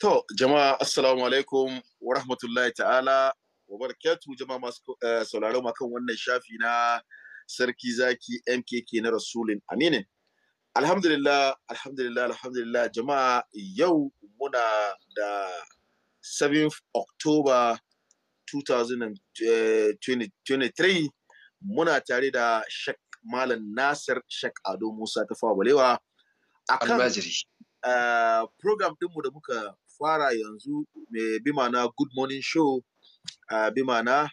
To, jama'a assalamu alaikum wa rahmatullahi ta'ala wa barakatuhu jama'a masu eh, sauraro kan wannan shafi na sarki zaki MKK na Rasulin Aminin. Alhamdulillah, alhamdulillah, alhamdulillah jama'a yau muna da 7th October 2023 eh, muna tare da Shek Malam Nasir Shek Ado Musa ta balewa. Akan eh, program ɗinmu da muka fara yanzu mai bi ma'ana good morning show uh, bi ma'ana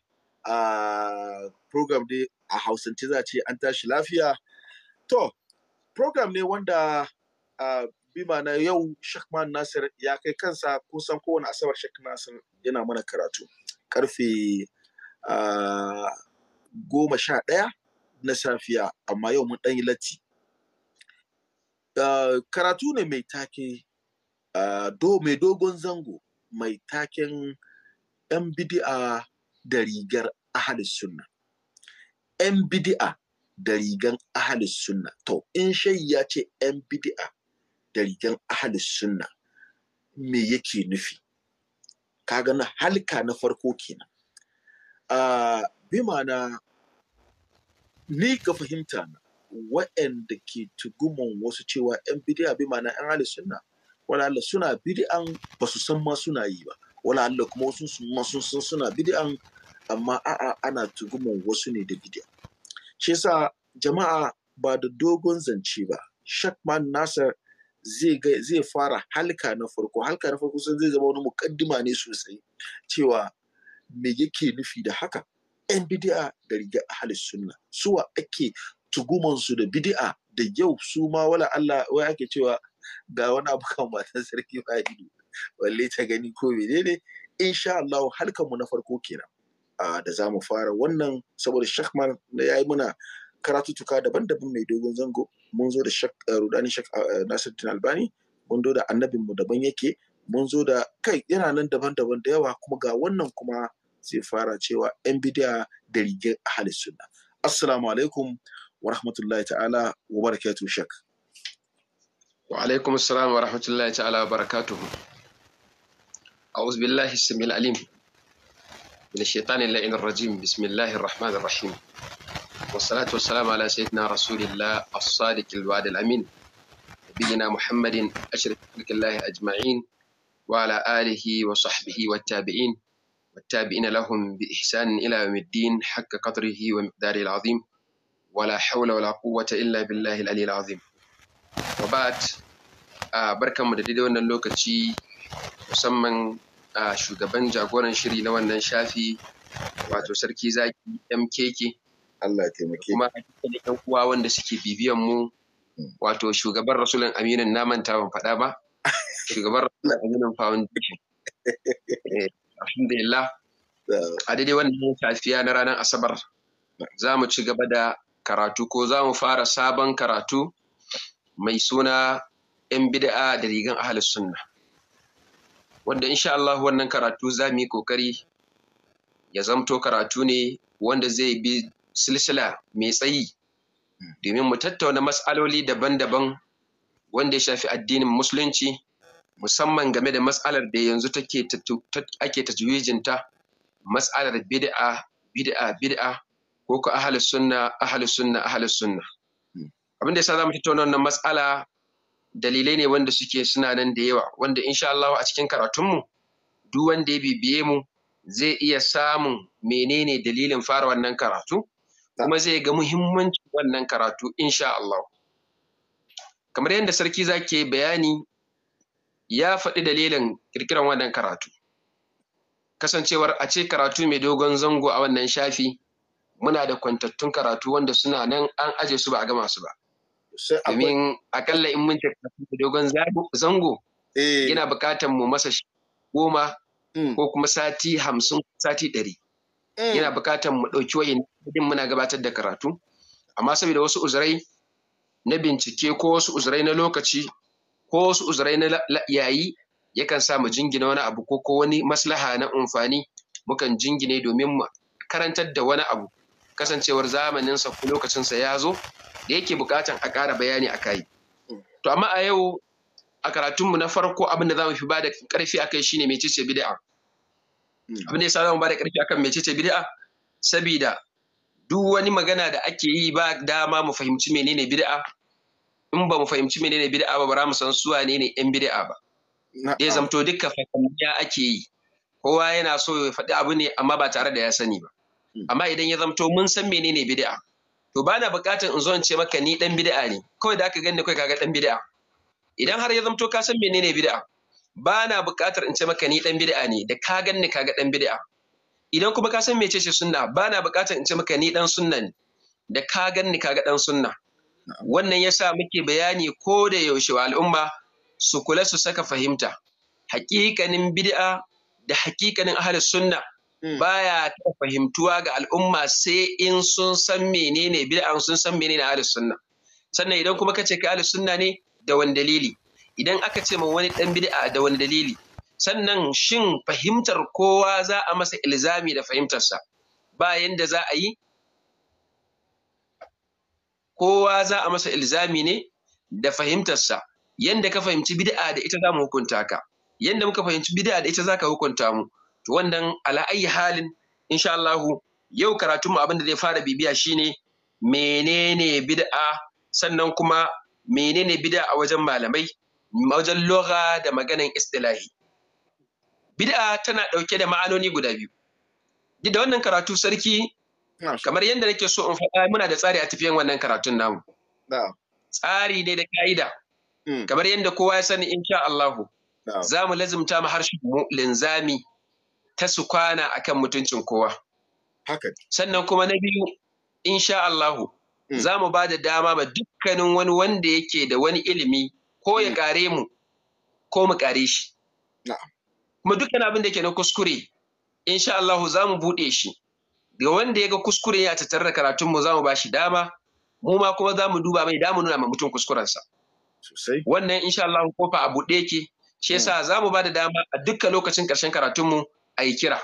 program dai a hausance za ce an tashi lafiya to program ne wanda uh, bi ma'ana yau shakman nasir ya kai kansa kusan kowane asabar shakman nasir yana mana karatu karfe goma sha ɗaya na safiya amma yau mun ɗan yi latti karatu ne mai take do mai dogon zango mai taken 'yan bidi'a da rigar ahalis sunna. 'yan bidi'a da rigan ahalis sunna. To, in shai ya ce 'yan bidi'a da rigan ahalis sunna me yake nufi? Kaga na halka na farko kenan. Uh, bi ma'ana ni ga fahimta na wa'anda ke tuguman wasu cewa 'yan bidi'a bi ma'ana 'yan ahalis sunna. wala suna bid'an ba su san ma suna yi ba wala Allah kuma wasu ma sun san suna bid'an amma a'a ana tugumin wasu ne da bid'a shi yasa jama'a ba da dogon zance ba Shakman Nasir zai fara halka na farko halka na farko sun zai zama wani mukaddima ne sosai cewa me yake nufi da haka yan bidi'a da riga ahalis sunna suwa ake tugumansu da bidi'a da yau su ma wala Allah wai ake cewa Ga wani abu kan matan sarki ba ido balle ta gani ko menene insha Allah halkanmu na farko kenan da za mu fara wannan saboda shakman na yayi muna karatuttuka daban-daban mai dogon zango mun zo da eh, rudani shak eh, nasiruddin albani mun zo da annabinmu daban yake mun zo da kai yana nan daban-daban da yawa kuma ga wannan kuma zai fara cewa yan bidiya da rigar ahalis sunna assalamu alaikum wa rahmatullahi ta'ala wa barakatuh shak وعليكم السلام ورحمة الله تعالى وبركاته أعوذ بالله السميع العليم من الشيطان اللعين الرجيم بسم الله الرحمن الرحيم والصلاة والسلام على سيدنا رسول الله الصادق الوعد الأمين نبينا محمد أشرف خلق الله أجمعين وعلى آله وصحبه والتابعين والتابعين لهم بإحسان إلى يوم الدين حق قدره ومقداره العظيم ولا حول ولا قوة إلا بالله العلي العظيم wabat a barkanmu da daidai wannan lokaci musamman a shugaban jagoran shiri na wannan shafi wato sarki zaki mkk Allah ya taimake kuma ƴan uwa wanda suke bibiyan mu hmm. wato shugaban rasulun aminin na manta ban faɗa ba shugaban rasulun aminin foundation eh, alhamdulillah a daidai wannan safiya na ranar asabar hmm. za mu ci gaba da karatu ko za mu fara sabon karatu mai suna ‘yan bid'a da rigan ahalus sunna wanda insha Allah wannan karatu za mu yi kokari ya zamto karatu ne wanda zai bi silsila mai tsayi domin mu tattauna matsaloli daban-daban wanda ya shafi addinin musulunci musamman game da matsalar da yanzu take ake tajwijinta matsalar bid'a bid'a bid'a ko ko sunna ahlus sunna ahlus sunna abin da yasa mu tattauna wannan matsala dalilai ne wanda suke suna nan da yawa wanda insha Allah a cikin karatunmu duk wanda ya bibiye mu zai iya samun menene dalilin fara wannan karatu kuma zai ga muhimmancin wannan karatu insha Allah kamar yadda sarki zake bayani ya faɗi dalilin kirkiran wannan karatu kasancewar a ce karatu mai dogon zango a wannan shafi muna da kwantattun karatu wanda suna nan an aje su ba a gama su ba Domin akalla in mun tafi dogon zango eh. yana bukatan mu masa goma mm. ko kuma sati hamsin sati ɗari. Mm. Yana bukatan mu ɗauki wa'in muna gabatar da karatu. Amma saboda wasu uzurai na bincike ko wasu uzurai na lokaci ko wasu uzurai na yayi yakan sa mu jingina wani abu ko ko wani maslaha na amfani mukan jingine domin mu karantar da wani abu kasancewar zamaninsa ko lokacinsa ya zo da yake bukatan a ƙara bayani a kai. To amma a yau a karatunmu na farko abin da za fi ba da ƙarfi akai shine mecece bid'a. Abin da yasa za mu ba da ƙarfi akan mecece bid'a sabida duk wani magana da ake yi ba dama mu fahimci menene bid'a in ba mu fahimci menene bid'a ba ba mu san su wane ne yan bid'a ba. Ya zamto dukkan fakamniya ake yi. Kowa yana so ya faɗi abu ne amma ba tare da ya sani ba. Hmm. Amma idan ya zamto mun san menene bid'a. to ba na buƙatar in zo in ce maka ni dan bid'a ne kawai da aka gani kai kaga dan bid'a idan har ya zamto ka san menene bid'a ba na buƙatar in ce maka ni dan bid'a ne da ka gani kaga dan bid'a idan kuma ka san mecece sunna ba na buƙatar in ce maka ni dan sunna ne da ka gani kaga ɗan sunna wannan yasa muke bayani ko da yaushe wa al'umma su kula su saka fahimta haƙiƙanin bid'a da haƙiƙanin ahlus sunna Hmm. baya ta fahimtuwa ga al'umma sai in sun san menene bid'an sun san menene ahli sunna sannan idan kuma kace ka ahli sunna ne da wani dalili idan aka ce min wani dan bid'a da wani dalili sannan shin fahimtar kowa za a masa ilzami da fahimtarsa ba yanda za a yi kowa za a masa ilzami ne da fahimtarsa yanda ka fahimci bid'a da ita za mu hukunta ka yanda muka fahimci bid'a da ita za ka hukunta mu to wannan ala ayi halin insha Allah yau karatun mu abin da zai fara bibiya shine menene bid'a sannan kuma menene bid'a a wajen malamai wajen lugha da maganan istilahi bid'a tana ɗauke da ma'anoni guda biyu duk da wannan karatu sarki kamar yadda nake so in faɗa muna da tsari a tafiyan wannan karatun namu tsari ne da ka'ida mm. kamar yadda kowa ya sani insha Allahu za mu lazimta mu harshen mu linzami ta su kwana a kan mutuncin kowa. Sannan kuma na biyu, insha Allahu, mm. za mu ba da dama ba dukkanin wani wanda yake da wani ilimi ko ya kare mm. mu ko mu kare shi. Kuma dukkan abin da ke na kuskure, insha Allahu za mu buɗe shi. Ga wanda ya ga kuskure ya tattar da karatunmu za mu ba shi dama, mu ma kuma za mu duba mai damu nuna ma mutum kuskurensa. Wannan insha Allahu kofa a buɗe ke, shi mm. yasa za mu ba da dama a dukkan lokacin ƙarshen karatunmu a yi kira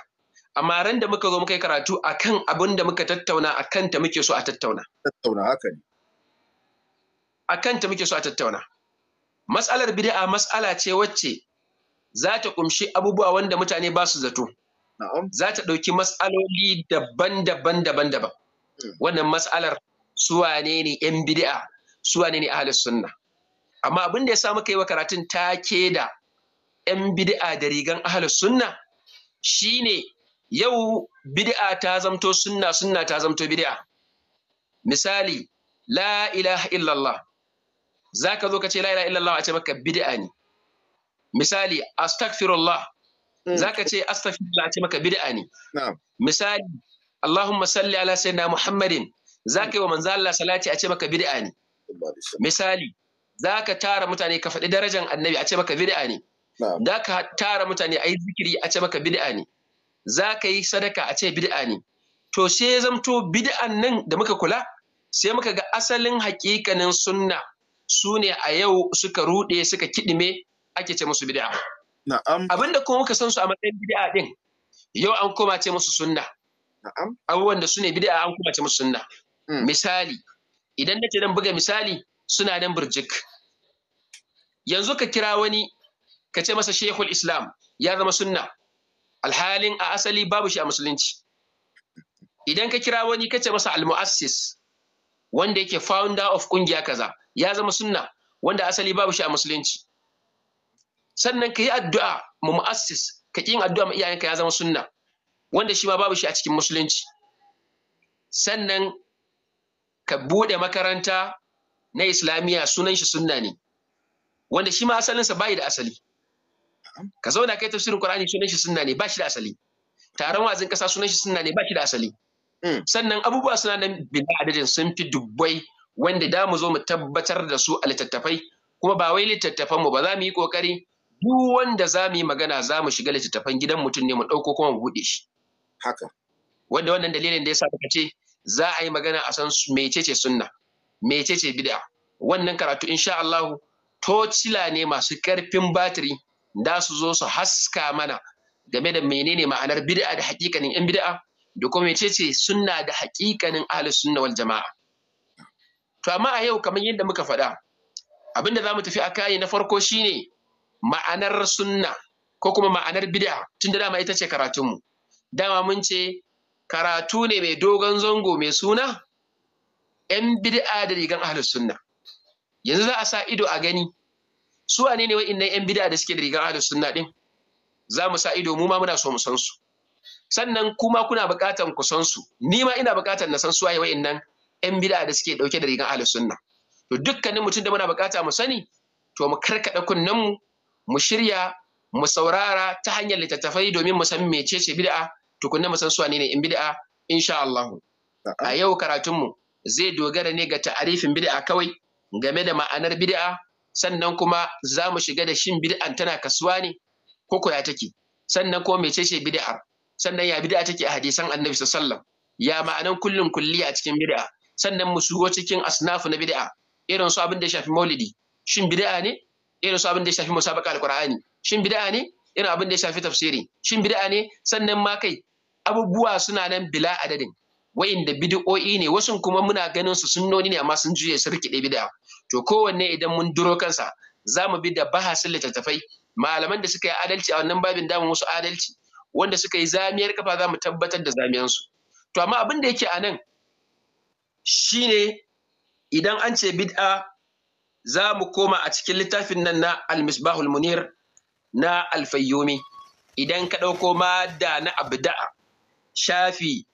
amma ran da muka zo muka yi karatu akan abin da muka tattauna akan ta muke so a tattauna tattauna haka ne akan ta muke so a tattauna matsalar bid'a matsala ce wacce za ta kumshi abubuwa wanda mutane ba su zato za ta ɗauki matsaloli daban-daban daban-daban hmm. wannan matsalar suwa ne 'yan bid'a suwa ne ahlus sunna amma abin da ya sa muka yi wa karatun take da 'yan bid'a da rigan ahlus sunna shine yau bid'a ta zamto sunna sunna ta zamto bid'a misali la ilaha illallah zaka zo ka ce la ilaha illallah a ce maka bid'a ne misali astaghfirullah mm. zaka ce astaghfirullah a ce maka bid'a ne misali Allahumma salli ala sayyidina Muhammadin zaka yi wa manzo Allah salati a ce maka bid'a ne misali zaka tara mutane ka faɗi darajar annabi a ce maka bid'a ne da ka tara mutane a yi zikiri a ce maka bid'a ne za ka yi sadaka a ce bid'a ne to sai ya zamto bid'an nan da muka kula sai muka ga asalin hakikanin sunna su ne a yau suka ruɗe suka kiɗime ake ce musu bid'a abinda kuma muka san su a matsayin bid'a din yau an koma ce musu sunna abubuwan da su ne bid'a an koma ce musu sunna hmm. misali idan nace dan buga misali suna nan burjik yanzu ka kira wani ka ce masa shehul islam ya zama sunna alhalin a asali babu shi a musulunci idan ka kira wani ka ce masa almuassis wanda yake founder of kungiya kaza ya zama sunna wanda asali babu shi a musulunci sannan ka yi addu'a mu muassis ka kin addu'a ma iyayenka ya zama sunna wanda shi ma babu shi a cikin musulunci sannan ka buɗe makaranta na islamiyya sunan shi sunna ne wanda shi ma asalinsa bayi da asali ka zauna kai tafsirin Qur'ani sunan shi sunna ne ba shi da asali taron wazin kasa sunan shi sunna ne ba shi da asali hmm. sannan abubuwa suna nan bila adadin sun fi dubbai wanda da mu zo mu tabbatar da su a littattafai kuma ba wai littattafan mu ba za mu yi kokari duk wanda za mu yi magana za mu shiga littattafan gidan mutum ne mu ɗauko kuma mu buɗe shi haka wanda wannan dalilin da yasa ka ce za a yi magana a san mecece sunna mecece bid'a wannan karatu insha Allah tocila ne masu karfin batiri da su zo su haska mana game da menene ma'anar bid'a da hakikanin yan bid'a da kuma mecece sunna da hakikanin ahlus sunna wal jama'a to amma a yau kamar yadda muka faɗa abinda za mu tafi a kayi na farko shine ma'anar sunna ko kuma ma'anar bid'a tunda dama ita ce karatunmu dama mun ce karatu ne mai dogon zango mai suna yan bid'a da rigan ahlus sunna yanzu za a sa ido a gani su wane ne nan yan bid'a da suke da rigar ahlus sunna din za mu sa ido mu ma muna so mu san su sannan kuma kuna buƙatan ku san su ni ma ina buƙatan na san su waye wa'annan yan bid'a da suke dauke da rigar ahlus sunna to dukkanin mutum da muna buƙata mu sani to mu karkaɗa kunnen mu mu shirya mu saurara ta hanyar littattafai domin mu san mecece bid'a tukunna mu san su wane ne in bid'a insha Allah a yau karatunmu zai dogara ne ga ta'arifin bid'a kawai game da ma'anar bid'a sannan kuma za mu shiga da shin bid'an tana kasuwa ne ko ya take sannan kuma mecece bid'a sannan ya bid'a take a hadisan annabi sallallahu ya ma'anan kullun kulli a cikin bid'a sannan mu shigo cikin asnafu na bid'a irin su abin da ya shafi maulidi shin bid'a ne irin su abin da ya shafi musabaqa alqur'ani shin bid'a ne irin abin da ya shafi tafsiri shin bid'a ne sannan ma kai abubuwa suna nan bila adadin da bid'o'i ne wasu kuma muna ganin su sunnoni ne amma sun juye su rikide bid'a to kowanne idan mun duro kansa za mu bi da bahasin littattafai malaman da suka yi adalci a wannan babin damu wasu adalci wanda suka yi zamiyar kafa za mu tabbatar da zamiyansu to amma abin da yake a nan shine idan an ce bid'a za mu koma a cikin littafin nan na al-misbahul munir na alfayyumi idan ka ɗauko mada na abda'a shafi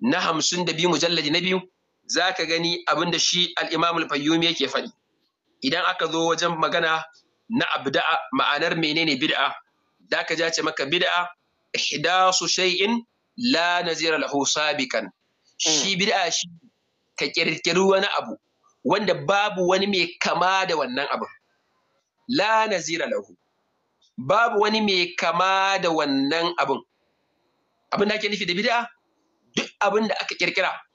na hamsin da biyu mujallaji na biyu za ka gani abin da shi al'imamul fayyumi yake faɗi idan aka zo wajen magana na abda'a ma'anar menene bid'a da ka ja ce maka bid'a ihdasu shay'in la nazira lahu sabiqan shi mm. bid'a shi ka kirkiri wani abu wanda babu wani mai kama da wannan abu la nazira lahu babu wani mai kama da wannan abun abin da ake nufi da bid'a duk abin da aka ƙirƙira.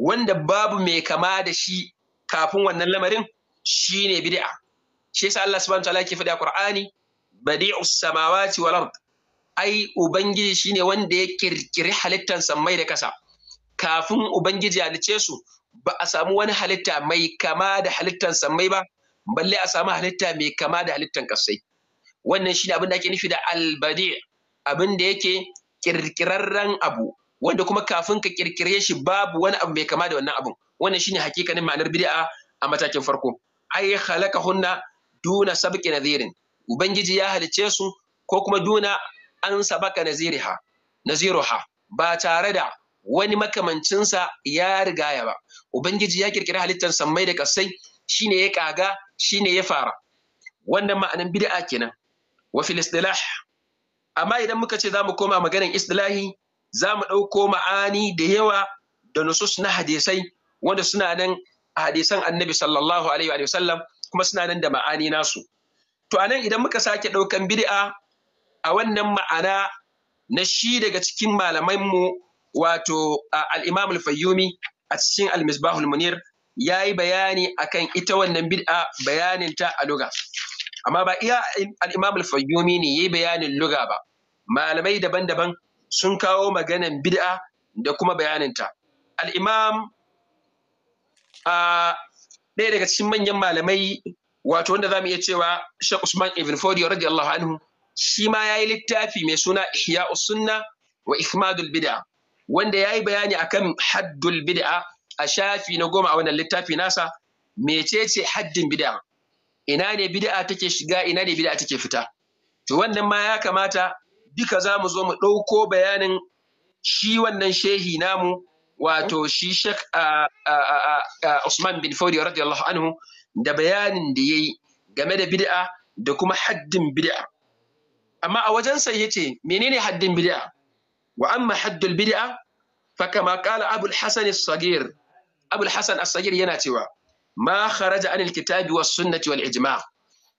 wanda babu mai kama da shi kafin wannan lamarin shine bid'a shi yasa Allah subhanahu wataala yake faɗi a Qur'ani badi'us samawati wal ard ai ubangiji shine wanda ya kirkiri halittan sammai da kasa kafin ubangiji ya halice su ba a samu wani halitta mai kama da halittan sammai ba balle a samu halitta mai kama da halittan kasai wannan shine abin da ake nufi da albadi abin da yake kirkirarren abu wanda kuma kafin ka kirkire shi babu wani abu mai kama da wannan abun wannan shine hakikanin ma'anar bid'a a matakin farko ai hunna duna sabqi nazirin ubangiji ya halice su ko kuma duna an sabaka naziriha naziruha ba tare da wani makamancinsa ya rigaya ba ubangiji ya kirkiri halittar sammai da kasai shine ya kaga shine ya fara wannan ma'anan bid'a kenan wa fil istilah amma idan muka ce za mu koma maganar istilahi za mu ɗauko ma'ani da yawa da nusus na hadisai wanda suna nan a hadisan annabi sallallahu alaihi wa sallam kuma suna nan da ma'ani nasu to nan idan muka sake ɗaukan bid'a a wannan ma'ana na shi daga cikin malamanmu wato al-imam al-fayyumi a cikin al-misbahul munir ya yi bayani akan ita wannan bid'a bayanin ta a luga amma ba iya al-imam al-fayyumi ne yayi bayanin luga ba malamai daban-daban sun kawo maganan bid'a da kuma bayaninta al-imam ɗaya daga cikin manyan malamai wato wanda zamu iya cewa Sheikh Usman ibn Fodi radiyallahu anhu shi ma yayi littafi mai suna Ihya sunna wa Ihmadul bid'a wanda yayi bayani akan haddul bid'a a shafi na goma a wannan littafi nasa mecece haddin bid'a ina ne bid'a take shiga ina ne bid'a take fita to wannan ma ya kamata duka za mu zo mu ɗauko bayanin shi wannan shehi namu wato shi shek Usman bin Fawdi radiyallahu anhu da bayanin da ya yi game da bid'a da kuma haddin bid'a. Amma a wajensa ya ce menene haddin bid'a? Wa amma haddul bid'a fa kama kala Abul Hasan Sagir. yana cewa ma kharaja anil kitabi was sunnati wal ijma.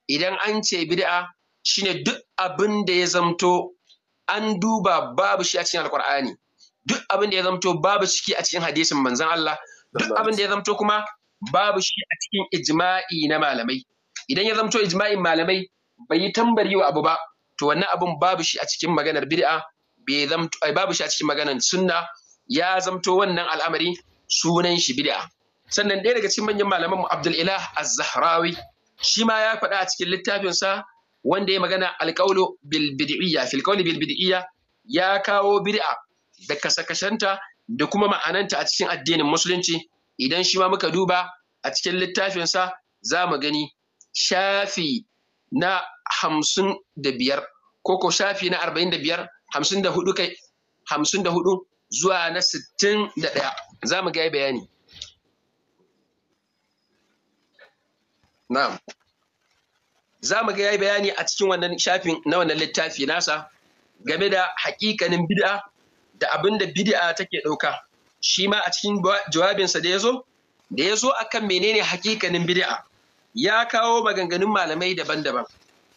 Idan an ce bid'a shine duk abin da ya zamto an duba babu shi a cikin alkur'ani duk abin da ya zamto babu shi a cikin hadisin manzon Allah duk abin da ya zamto kuma babu shi a cikin ijma'i na malamai idan ya zamto ijma'in malamai bai yi tambari wa abu ba to wannan abin babu shi a cikin maganar bid'a bai zamto babu shi a cikin maganar sunna ya zamto wannan al'amari sunan shi bid'a sannan ɗaya daga cikin manyan malaman mu Abdul Ilah Az-Zahrawi shi ma ya faɗa a cikin littafinsa wanda ya magana alƙaulu bil bid'iyya fil qawli bil bid'iyya ya kawo bid'a da kasakashanta da kuma ma'ananta a cikin addinin musulunci idan shi ma muka duba a cikin littafinsa za mu gani shafi na hamsin da biyar koko shafi na arba'in da biyar hamsin da hudu kai hamsin da hudu zuwa na sittin da ɗaya za mu ga bayani na'am za mu ga yayi bayani a cikin wannan shafin na wannan littafi nasa game da hakikanin bid'a da abin da bid'a take ɗauka shi ma a cikin jawabinsa da ya zo da ya zo akan menene hakikanin bid'a ya kawo maganganun malamai daban-daban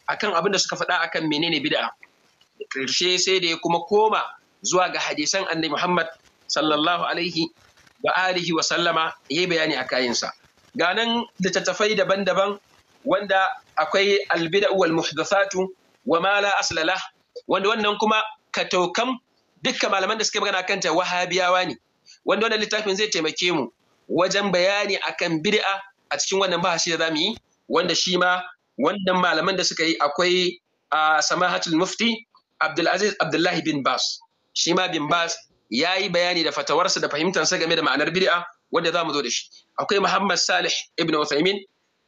akan abin da suka faɗa akan menene bid'a da ƙarshe sai da ya kuma koma zuwa ga hadisan annabi Muhammad sallallahu alaihi wa alihi wa sallama ya yi bayani a kayansa ga nan littattafai daban-daban wanda akwai albida'u wal muhdathatu wa ma la asla lah wanda wannan kuma kataukan dukkan malaman da suke magana kanta wahabiyawa ne wanda wannan littafin zai taimake mu wajen bayani akan bid'a a cikin wannan bahasi da zamu yi wanda shi ma wannan malaman da suka yi akwai a samahatul mufti Abdulaziz Abdullahi bin Bas shi ma bin Bas ya yi bayani da fatawarsa da fahimtarsa game da ma'anar bid'a wanda za mu zo da shi akwai Muhammad Salih ibn Uthaymeen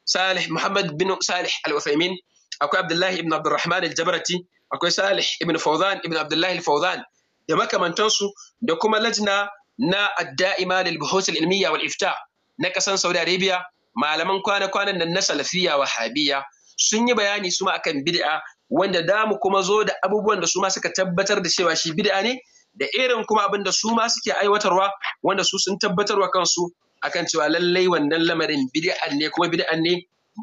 salih muhammad bin salih al-uthaymin akwai abdullahi ibn abdurrahman al-jabarati akwai salih ibn fawzan ibn abdullahi al da makamantansu da kuma lajna na adda'ima lil buhus al wal ifta na kasan saudi arabia malaman kwana-kwanan nan na salafiyya wahabiyya sun yi bayani suma akan bid'a wanda damu kuma zo da abubuwan da su ma suka tabbatar da cewa shi bid'a ne da irin kuma abin da su ma suke aiwatarwa wanda su sun tabbatarwa kansu akan cewa lallai wannan lamarin bid'a ne kuma bid'an ne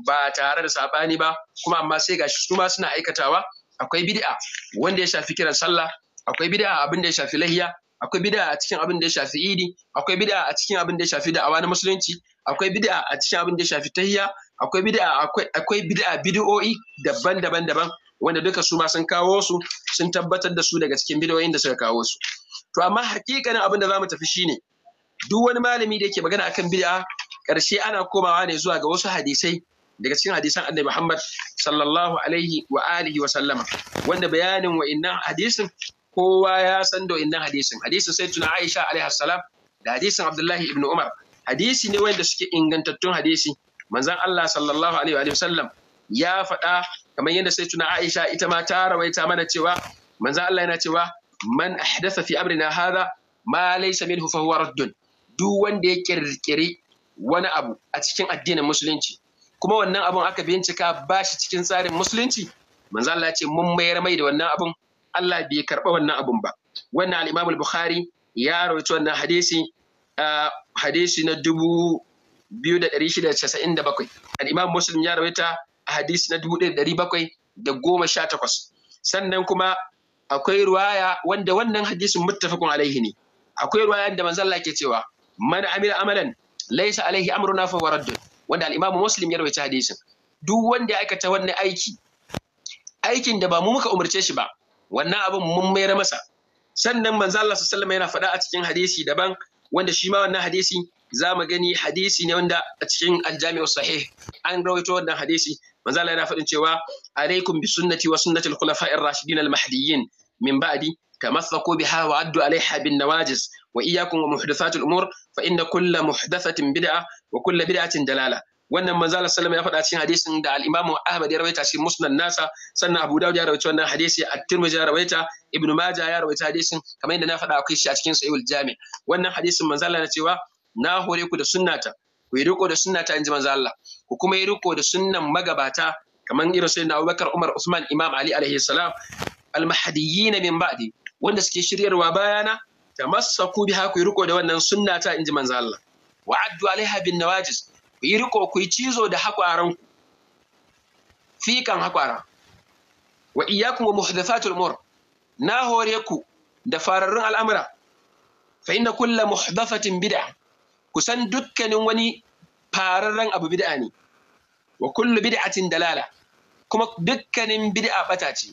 ba tare da sabani ba kuma amma sai gashi su ma suna aikatawa akwai bid'a wanda ya shafi kiran sallah akwai bid'a abin da ya shafi lahiya akwai bid'a a cikin abin da ya shafi idi akwai bid'a a cikin abin da ya shafi da'awa na musulunci akwai bid'a a cikin abin da ya shafi tahiya, akwai bid'a akwai bid'a bid'o'i daban-daban daban wanda duka su ma sun kawo su sun tabbatar da su daga cikin bid'o'in da suka kawo su to amma hakikanin abin da zamu tafi shine duk wani malami da yake magana akan bid'a karshe ana komawa ne zuwa ga wasu hadisai daga cikin hadisan annabi Muhammad sallallahu alaihi wa alihi wa sallama wanda bayanin innan hadisin kowa ya san da wa'innan hadisin hadisin sai tuna Aisha alaihi salam da hadisin Abdullahi ibn Umar hadisi ne wanda suke ingantattun hadisi manzon Allah sallallahu alaihi wa sallam ya faɗa kamar yadda sai tuna Aisha ita ma ta rawaita mana cewa manzon Allah yana cewa man ahdatha fi amrina hadha ma laysa minhu fa huwa raddun duk wanda ya kirkiri wani abu a cikin addinin musulunci kuma wannan abun aka bincika ba shi cikin tsarin musulunci manzo Allah ya ce mun mayar mai da wannan abun Allah bai karba wannan abun ba wannan al-Imam al-Bukhari ya rawaito wannan hadisi hadisi na dubu biyu da shida casa'in da bakwai al-Imam Muslim ya rawaita hadisi na dubu da bakwai da goma sha takwas sannan kuma akwai ruwaya wanda wannan hadisin muttafaqun alaihi ne akwai ruwaya da manzo Allah ke cewa man amila amalan laysa alaihi amruna fa raddun wanda al-imamu muslim ya rawaita hadisin duk wanda ya aikata wannan aiki aikin da ba mu muka umarce shi ba wannan abin mun mayar masa sannan manzo Allah sallallahu alaihi yana faɗa a cikin hadisi daban wanda shi ma wannan hadisi za mu gani hadisi ne wanda a cikin aljami'u sahih an rawaito wannan hadisi manzo Allah yana faɗin cewa alaikum bi sunnati wa sunnati al-khulafa'ir rashidin al-mahdiyyin min ba'di تمسكوا بها وعدوا عليها بالنواجس وإياكم ومحدثات الأمور فإن كل محدثة بدعة bida بدعة دلالة wannan manzala sallama ya faɗa cikin hadisin da al-Imam Ahmad ya rawaita cikin Musnad nasa sannan Abu Dawud ya rawaita wannan hadisi At-Tirmidhi ya rawaita Ibn Majah ya rawaita hadisin kamar da na faɗa akwai shi a cikin Sahihul Jami' wannan hadisin manzala na cewa na hore ku da sunnata ku yi riko da sunnata inji manzo Allah ku kuma yi riko da sunnan magabata kamar irin sayyidina Abubakar Umar Usman Imam Ali alaihi salam min ba'di wanda suke shiryarwa bayana tamassaku biha ku yi riko da wannan sunna ta inji manzo Allah wa addu alaiha bin nawajis ku yi riko ku yi cizo da hakwaran ku fikan hakwara wa iyyakum wa muhdathatul umur na hore ku da fararrun al'amura fa inna kullu muhdathatin bid'a kusan dukkanin wani fararren abu bid'a ne wa kullu bid'atin dalala kuma dukkanin bid'a bata ce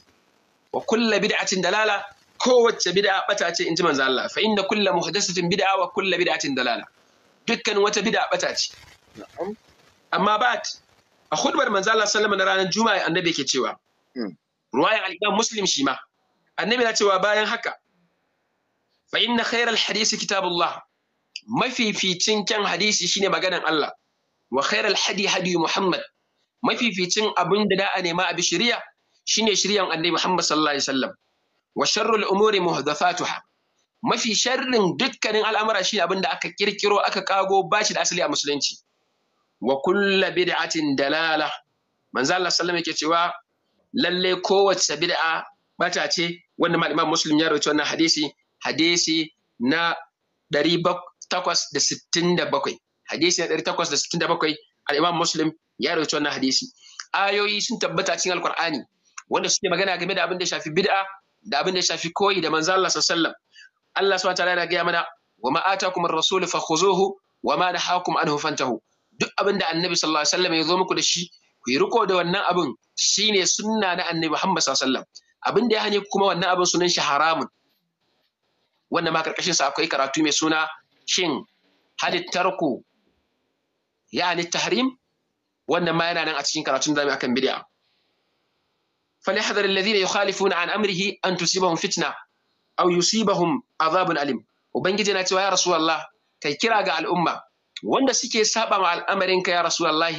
wa kullu bid'atin dalala kowace bid'a bata ce in ji manzo Allah fa inna kullu muhdathatin bid'a wa kullu bid'atin dalala dukkan wata bid'a bata ce amma bat a khudbar manzo Allah sallama na ranar juma'a annabi yake cewa hmm. ruwayan al-imam muslim shi ma annabi na cewa bayan haka fa inna khayral hadisi kitabullah mafificin kyan hadisi shine maganan Allah wa khairal hadi hadi Muhammad mafificin abin da da nema a bi shari'a shine shari'an Annabi Muhammad sallallahu alaihi wasallam wa sharrul umuri muhdathatuha mafi sharrin dukkanin al'amura shi abin da aka kirkiro aka kago ba shi da asali a musulunci wa kulla bid'atin dalala manzo Allah sallallahu yake cewa lalle kowace bid'a bata ce wanda malaman muslim ya rawaito wannan hadisi hadisi na 867 hadisi na 867 al-imam muslim ya rawaito wannan hadisi ayoyi sun tabbata cikin qur'ani wanda suke magana game da abin da shafi bid'a da abin da shafi koyi da manzo Allah sallallahu alaihi wasallam Allah subhanahu wataala yana gaya mana wa ma atakum ar-rasul fakhuzuhu wa ma nahakum anhu fantahu duk abin da annabi sallallahu alaihi wasallam ya zo muku da shi ku yi riko da wannan abin shine sunna na annabi Muhammad sallallahu alaihi wasallam abin da ya hane kuma wannan abin sunan shi haramun wannan ma karkashin sa akwai karatu mai suna shin halittarku ya tahrim wannan ma yana nan a cikin karatun da akan bid'a فليحذر الذين يخالفون عن امره ان tusibahum fitna aw yusibahum azabun alim ubangiji na cewa ya rasulullah kai kira ga al'umma wanda suke saba ma al'amarinka ya rasulullah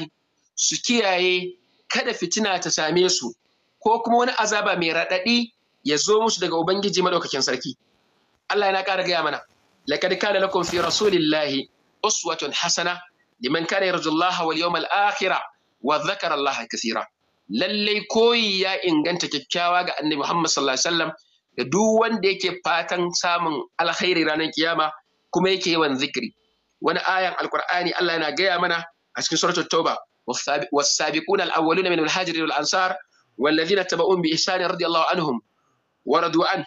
su kiyaye kada fitina ta same su ko kuma wani azaba mai raɗaɗi ya zo musu daga ubangiji madaukakin sarki Allah yana ƙara gaya mana laqad kana lakum fi rasulillahi uswatun hasana liman kana yarjullaha wal yawmal akhirah wa dhakara Allah kaseera lallai koyi ya inganta kyakkyawa ga annabi Muhammad sallallahu da duk wanda yake fatan samun alkhairi ranar kiyama kuma yake yawan zikiri wani ayan alqur'ani Allah yana gaya mana a cikin suratul tauba was-sabiquna al-awwaluna min al-hajri wal ansar wallazina tabauun bi ihsani radiyallahu anhum wa an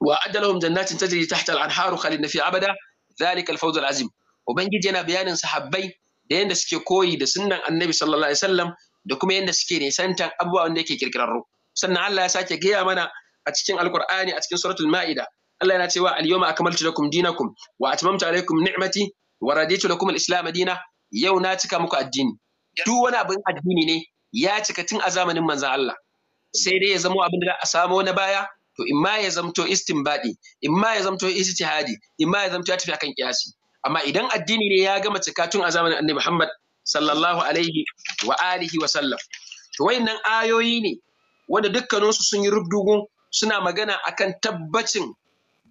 wa adalahum jannatin tajri tahta al-anharu khalidina fi abada ذلك الفوز العظيم وبنجي جينا بيان صحابي دين دسكي كوي دسنن النبي صلى الله عليه وسلم da kuma yadda suke nisantan abubuwan wanda yake kirkirarru sannan Allah ya sake gaya mana a cikin alkur'ani a cikin suratul ma'ida Allah yana cewa al-yawma akmaltu lakum dinakum wa atmamtu alaykum ni'mati wa raditu lakum al-islam dina yau na cika muku addini duk wani abin addini ne ya cika tun a zamanin manzon Allah sai dai ya zama abin da a samo na baya to imma ya zamto istinbadi imma ya zamto ijtihadi imma ya zamto ya tafi akan kiyasi amma idan addini ne ya gama cika tun a zamanin Annabi Muhammad sallallahu alaihi wa alihi wa sallam wayannan ayoyi ne wanda dukkaninsu sun yi rubdugu suna magana akan tabbacin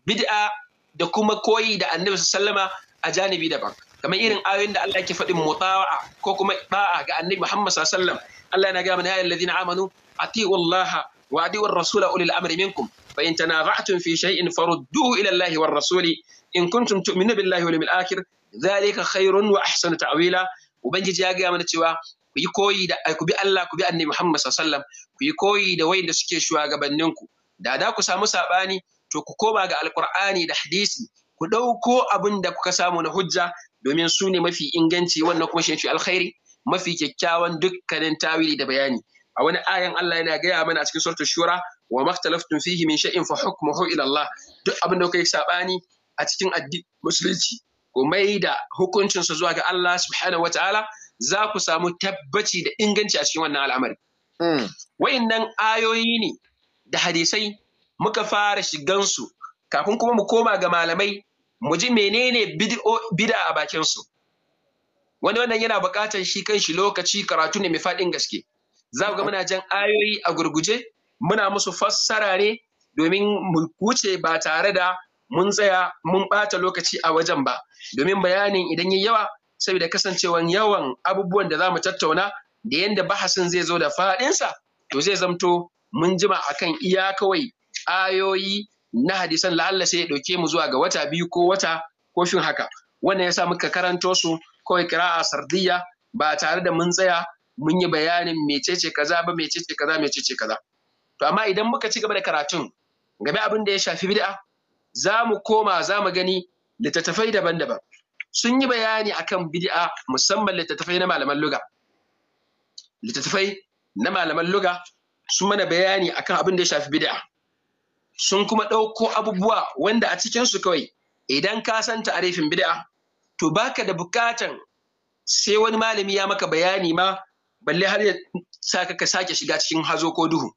bid'a da kuma koyi da annabi sallama a janibi daban kamar irin ayoyin da Allah ke faɗin mutawa'a ko kuma Ba'a ga annabi Muhammad sallallahu alaihi wasallam Allah yana ga mana ayyul ladina amanu atiiu Allah wa atiiu ar-rasula ulil amri minkum fa in tanaza'tum fi shay'in farudduhu ila Allah war rasuli in kuntum tuminu billahi wal yawmil akhir dhalika khairun wa ahsanu ta'awila. ubangiji ya gaya mana cewa ku yi koyi da ku bi Allah ku bi annabi Muhammad sallallahu alaihi wasallam ku yi koyi da wayanda suke shugabannin ku da da ku samu sabani to ku koma ga alqur'ani da hadisi ku dauko abin da kuka samu na hujja domin su ne mafi inganci wannan kuma shi alkhairi mafi kyakkyawan dukkanin tawili da bayani a wani ayan Allah yana gaya mana a cikin suratul shura wa makhtalaftum fihi min shay'in fa hukmuhu ila Allah duk abin da kuka yi sabani a cikin addini musulunci ku mai da hukuncinsa zuwa ga Allah subhanahu Ta'ala, za ku samu tabbaci da inganci a cikin wannan al'amari. Hmm. nan ayoyi ne da hadisai muka fara shigansu kafin kuma mu koma ga malamai mu ji menene bida a bakinsu. Wani wannan yana buƙatar shi kan shi lokaci karatu ne mai faɗin gaske. Za ga muna jan ayoyi a gurguje muna musu fassara ne domin mu wuce ba tare da mun tsaya mun ɓata lokaci a wajen ba. domin bayanin idan ya yawa saboda kasancewan yawan abubuwan da za mu tattauna da yadda bahasin zai zo da faɗinsa to zai zamto mun jima a kan iya kawai ayoyi na hadisan la'alla sai ya ɗauke mu zuwa ga wata biyu ko wata ko shin haka wannan ya sa muka karanto su kawai kira'a sardiyya ba tare da mun tsaya mun yi bayanin mecece kaza ba mecece kaza mecece kaza to amma idan muka ci gaba da karatun game abin da ya shafi bid'a za mu koma za mu gani littattafai daban-daban sun yi bayani akan bid'a musamman littattafai na malaman luga littattafai na malaman luga sun mana bayani akan abin da ya shafi bid'a sun kuma ɗauko abubuwa wanda a cikinsu kawai idan ka san ta'arifin bid'a to baka da bukatan sai wani malami ya maka bayani ma balle har ya saka ka sake shiga cikin hazo ko duhu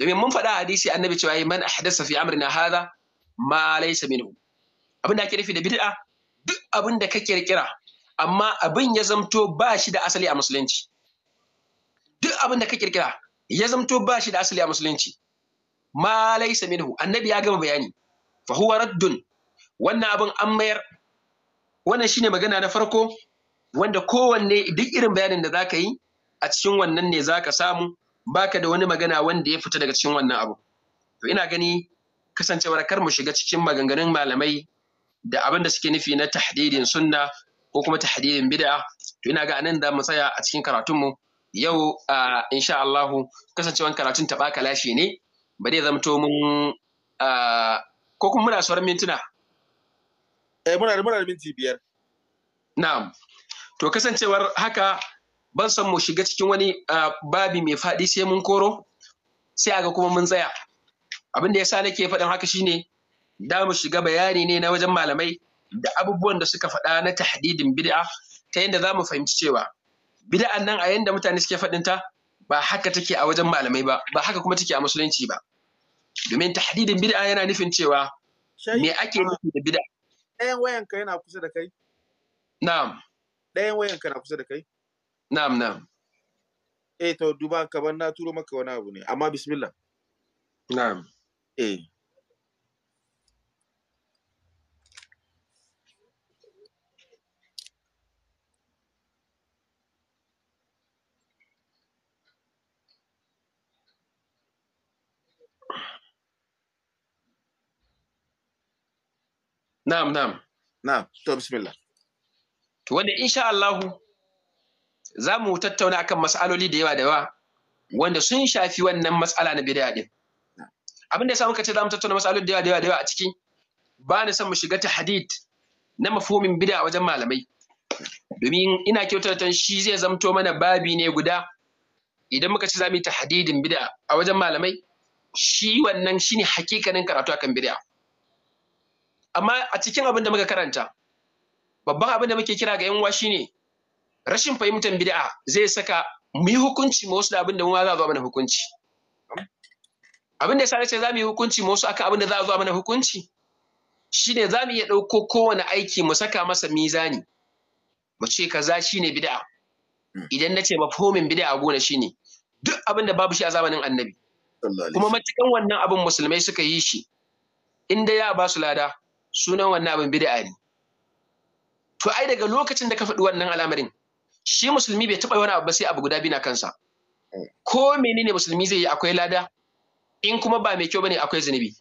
domin mun faɗa hadisi annabi cewa man ahdasa fi amrina hadha ma laysa minhu abin da ake nufi da bid'a duk abin da ka kirkira amma abin ya zamto ba shi da asali a musulunci duk abin da ka kirkira ya zamto ba shi da asali a musulunci ma laysa minhu annabi ya gama bayani fa huwa raddun wannan abin an mayar wannan shine magana na farko wanda kowanne duk irin bayanin da zaka yi a cikin wannan ne zaka samu baka da wani magana wanda ya fita daga cikin wannan abu to ina gani kasancewar kar mu shiga cikin maganganun malamai da abin da suke nufi na tahdidin sunna ko kuma tahdidin bid'a to ina ga anan da mu tsaya a cikin karatunmu yau insha Allah kasancewan karatun ta baka lashe ne ba zai to mun ko kuma muna sauran mintuna eh muna da muna da minti biyar na'am to kasancewar haka ban san mu shiga cikin wani babi mai faɗi sai mun koro sai aga kuma mun tsaya abin da yasa nake faɗin haka shine da mu shiga bayani ne na wajen malamai da abubuwan da suka faɗa na tahdidin bid'a ta yadda za mu fahimci cewa bid'an nan a yadda mutane suke faɗinta ba haka take a wajen malamai ba ba haka kuma take a musulunci ba domin tahdidin bid'a yana nufin cewa me ake nufi da bid'a ɗayan wayanka yana kusa da kai na'am ɗayan wayanka na kusa da kai na'am na'am eh to duba kaban na turo maka wani abu ne amma bismillah na'am eh Na'am, na'am. Na'am, to bismillah. To wanda insha Allah za mu tattauna akan mas'aloli da yawa da yawa wanda sun shafi wannan mas'ala na bid'a din. Abin da ya samu ce za mu tattauna mas'aloli da yawa da yawa da yawa a ciki ba ni son mu shiga ta hadid na mafhumin bid'a wajen malamai. Domin ina kyautata shi zai zamto mana babi ne guda idan muka ci za mu yi ta hadidin bid'a a wajen malamai shi wannan shine hakikanin karatu akan bid'a. amma a cikin abin da muka karanta babban abin da muke kira ga yan uwa shine rashin fahimtar bid'a zai saka mu yi hukunci ma wasu da abin da mu za a zo mana hukunci abin da sani ce za mu yi hukunci ma wasu akan abin da za a zo mana hukunci shine za mu iya ɗauko kowane aiki mu saka masa mizani mu ce kaza shine bid'a idan na ce mafhumin bid'a gona shine duk abin da babu shi a zamanin annabi kuma matukan wannan abin musulmai suka yi shi in dai ya ba su lada sunan wannan abin bid'a ne to ai daga lokacin da ka faɗi wannan al'amarin shi musulmi bai taɓa wani abu ba sai abu guda biyu na kansa ko menene musulmi zai yi akwai lada in kuma ba mai kyau bane akwai zunubi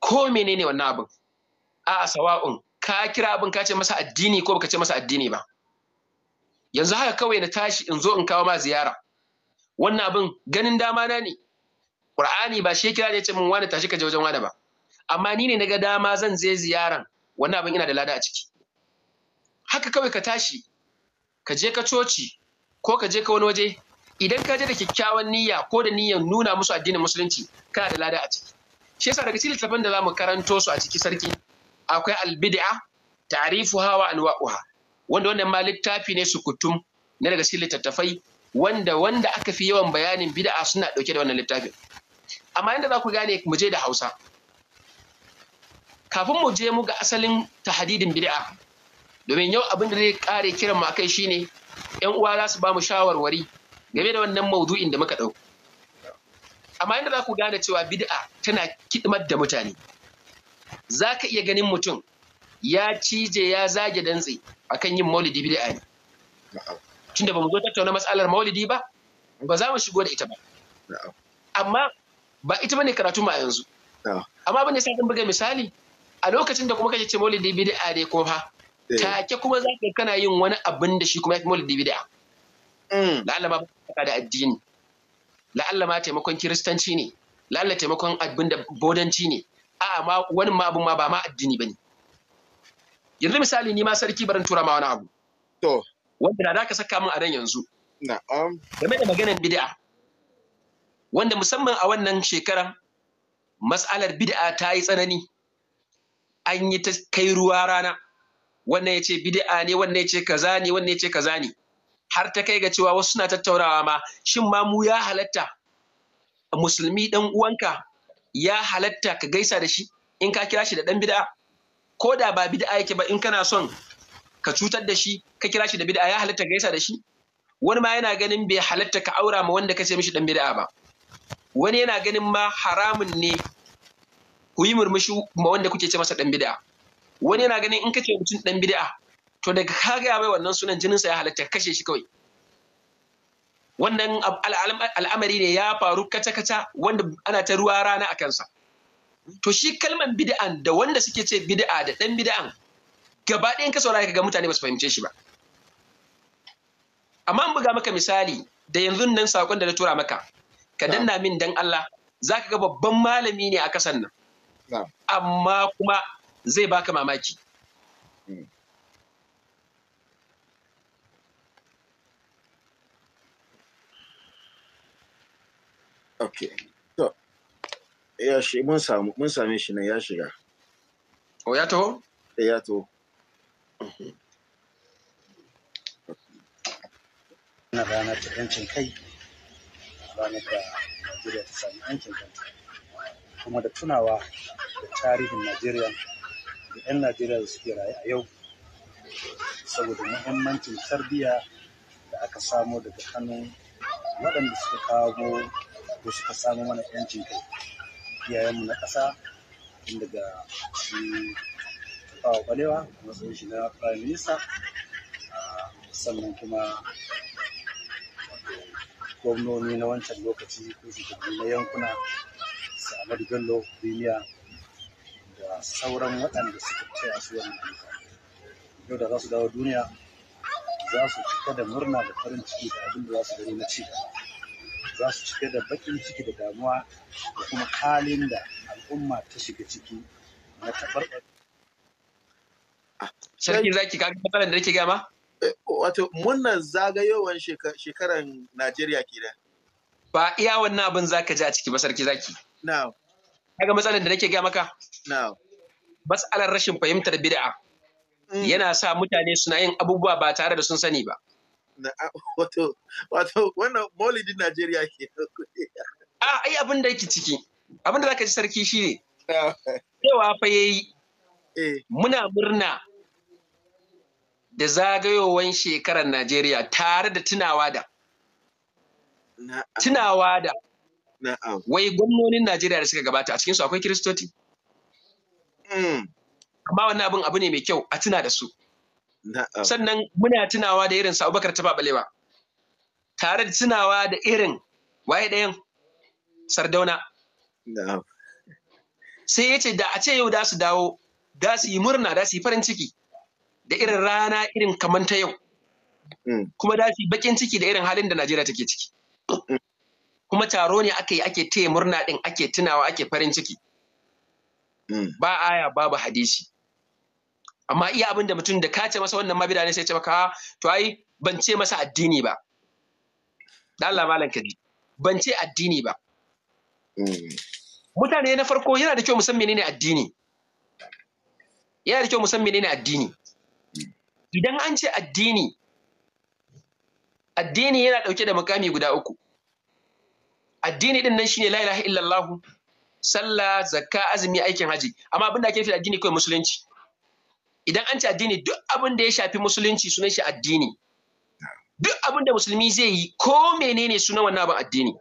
ko menene wannan abin a sawa'un ka kira abin ka ce masa addini ko baka ce masa addini ba yanzu haka kawai na tashi in zo in kawo ma ziyara wannan abin ganin dama na ne Qur'ani ba shi kira ne ya ce mun wani tashi ka je wajen wani ba amma ni ne naga dama zan je ziyaran wannan abin ina da lada a ciki haka kawai ka tashi ka je ka coci ko ka je ka wani waje idan ka je da kyakkyawan niyya ko da niyyar nuna musu addinin musulunci kana da lada a ciki shi yasa daga cikin littafin da zamu karanto su a ciki sarki akwai albid'a ta'rifuha hawa anwa'uha wanda wannan ma littafi ne su kutum na daga cikin littattafai wanda wanda aka fi yawan bayanin bid'a suna dauke da wannan littafin amma yanda za ku gane mu je da Hausa kafin mu je mu ga asalin tahadidin bid'a domin yau abin da zai kare kiran mu akai shine yan uwa za su ba mu shawarwari game da wannan maudu'in da muka ɗauko amma inda za ku gane cewa bid'a tana kidimar da mutane za ka iya ganin mutum ya cije ya zage dantse akan yin maulidi bid'a ne tunda ba mu zo tattauna matsalar maulidi ba ba za mu shigo da ita ba amma ba ita bane karatu ma yanzu amma bane sai buga misali a lokacin da kuma kake ce maulidi bid'a dai ko fa eh. take kuma za ka kana yin wani abin da shi kuma yake maulidi bid'a hmm. la'alla ma ba da addini la'alla ma taimakon kiristanci ne la'alla taimakon abin da bodanci ne a'a ma wani ma abun ma ba ma addini bane yanzu misali ni ma sarki barin tura ma wani abu to wanda da ka saka min a nan yanzu na'am game da maganar bid'a wanda musamman a wannan shekaran mas'alar bid'a ta yi tsanani an yi ta kai ruwa rana wannan ya ce bid'a ne wannan ya ce kaza ne wannan ya ce kaza ne har ta kai ga cewa wasu suna tattaunawa ma shin ma mu ya halatta musulmi dan uwanka ya halatta ka gaisa da shi in ka kira shi da dan bid'a ko da ba bid'a yake ba in kana son ka cutar da shi ka kira shi da bid'a ya halatta gaisa da shi wani ma yana ganin bai halatta ka aura ma wanda ka ce mishi dan bid'a ba wani yana ganin ma haramun ne ku yi murmushi ma wanda kuke ce masa dan bid'a wani yana ganin in ka ce mutum dan bid'a to daga ka ga mai wannan sunan jinin sa ya halatta kashe shi kawai wannan al'amari ne ya faru kaca-kaca wanda ana ta ruwa rana a kansa to shi kalman bid'an da wanda suke ce bid'a da dan bid'an gaba ɗaya ka saurara ka ga mutane ba su fahimce shi ba amma buga maka misali da yanzu nan sakon da na tura maka ka danna min dan Allah zaka ga babban malami ne a kasan nan amma kuma zai baka mamaki hmm. ok to ya shi mun samu mun same shi nan ya shiga o ya taho eh ya taho na ranar ta kai ranar da Najeriya ta sami yankin kanta kuma da tunawa da tarihin najeriya da 'yan najeriya da suke raye a yau saboda muhimmancin tarbiyya da aka samo daga hannun waɗanda suka kawo ko suka samo mana 'yancin kai iyayenmu na ƙasa tun daga shi kawo kwalewa matsayin shi na prime minister sannan kuma gwamnoni na wancan lokaci ko shugabanni na yankuna Farfesa Ahmadu Bello Duniya da sauran waɗanda suka taya su wannan ayyuka. Yau da za su dawo duniya za su cika da murna da farin ciki da abin da za su gani na ci za su cike da baƙin ciki da damuwa da kuma halin da al'umma ta shiga ciki na taɓarɓar. Sarki zaki kaga matsalar da nake gama? Eh, wato murnar zagayowar shekaran Najeriya kenan. ba iya wannan abin zaka ji a ciki ba sarki zaki na'am kaga matsalar da nake gaya maka na'am matsalar rashin fahimtar bid'a mm. yana sa mutane suna yin abubuwa ba tare da sun sani ba wato wato wannan maulidin Najeriya ke a ai abin da yake ciki abin da za ka ji sarki shi ne. cewa fa yi. Eh. muna murna da zagayowan shekarar Najeriya tare da tunawa da tunawa da wai gwamnonin Najeriya da suka gabata a cikinsu akwai kiristoci. Hmm. Amma wannan abin abu ne mai kyau a tuna da su. Sannan muna tunawa da irin Abubakar ta Balewa. Tare da tunawa da irin waye ɗayan Sardauna. Sai ya ce da a ce yau da su dawo, da su yi murna, da su yi farin ciki, da irin rana irin kamar ta yau. Hmm. Kuma da su yi bakin ciki da irin halin da Najeriya take ciki. kuma taro ne aka yi ake taya murna din ake tunawa ake farin ciki mm. ba aya babu hadisi amma iya abin da mutum da ka ce masa wannan mabida ne sai ce maka ah, to ai ban ce masa addini ba da Allah malam kaji ban ce addini ba mm. mutane na farko yana da kyau mu san menene addini yana da kyau mu san menene addini mm. idan an ce addini addini yana dauke da mukami guda uku addini din nan shine la ilaha illallah sallah zakka azumi aikin haji amma abin da ake nufi da addini kawai musulunci idan an ce addini duk abin da ya shafi musulunci sunan shi addini duk abin da musulmi zai yi ko menene sunan wannan abin addini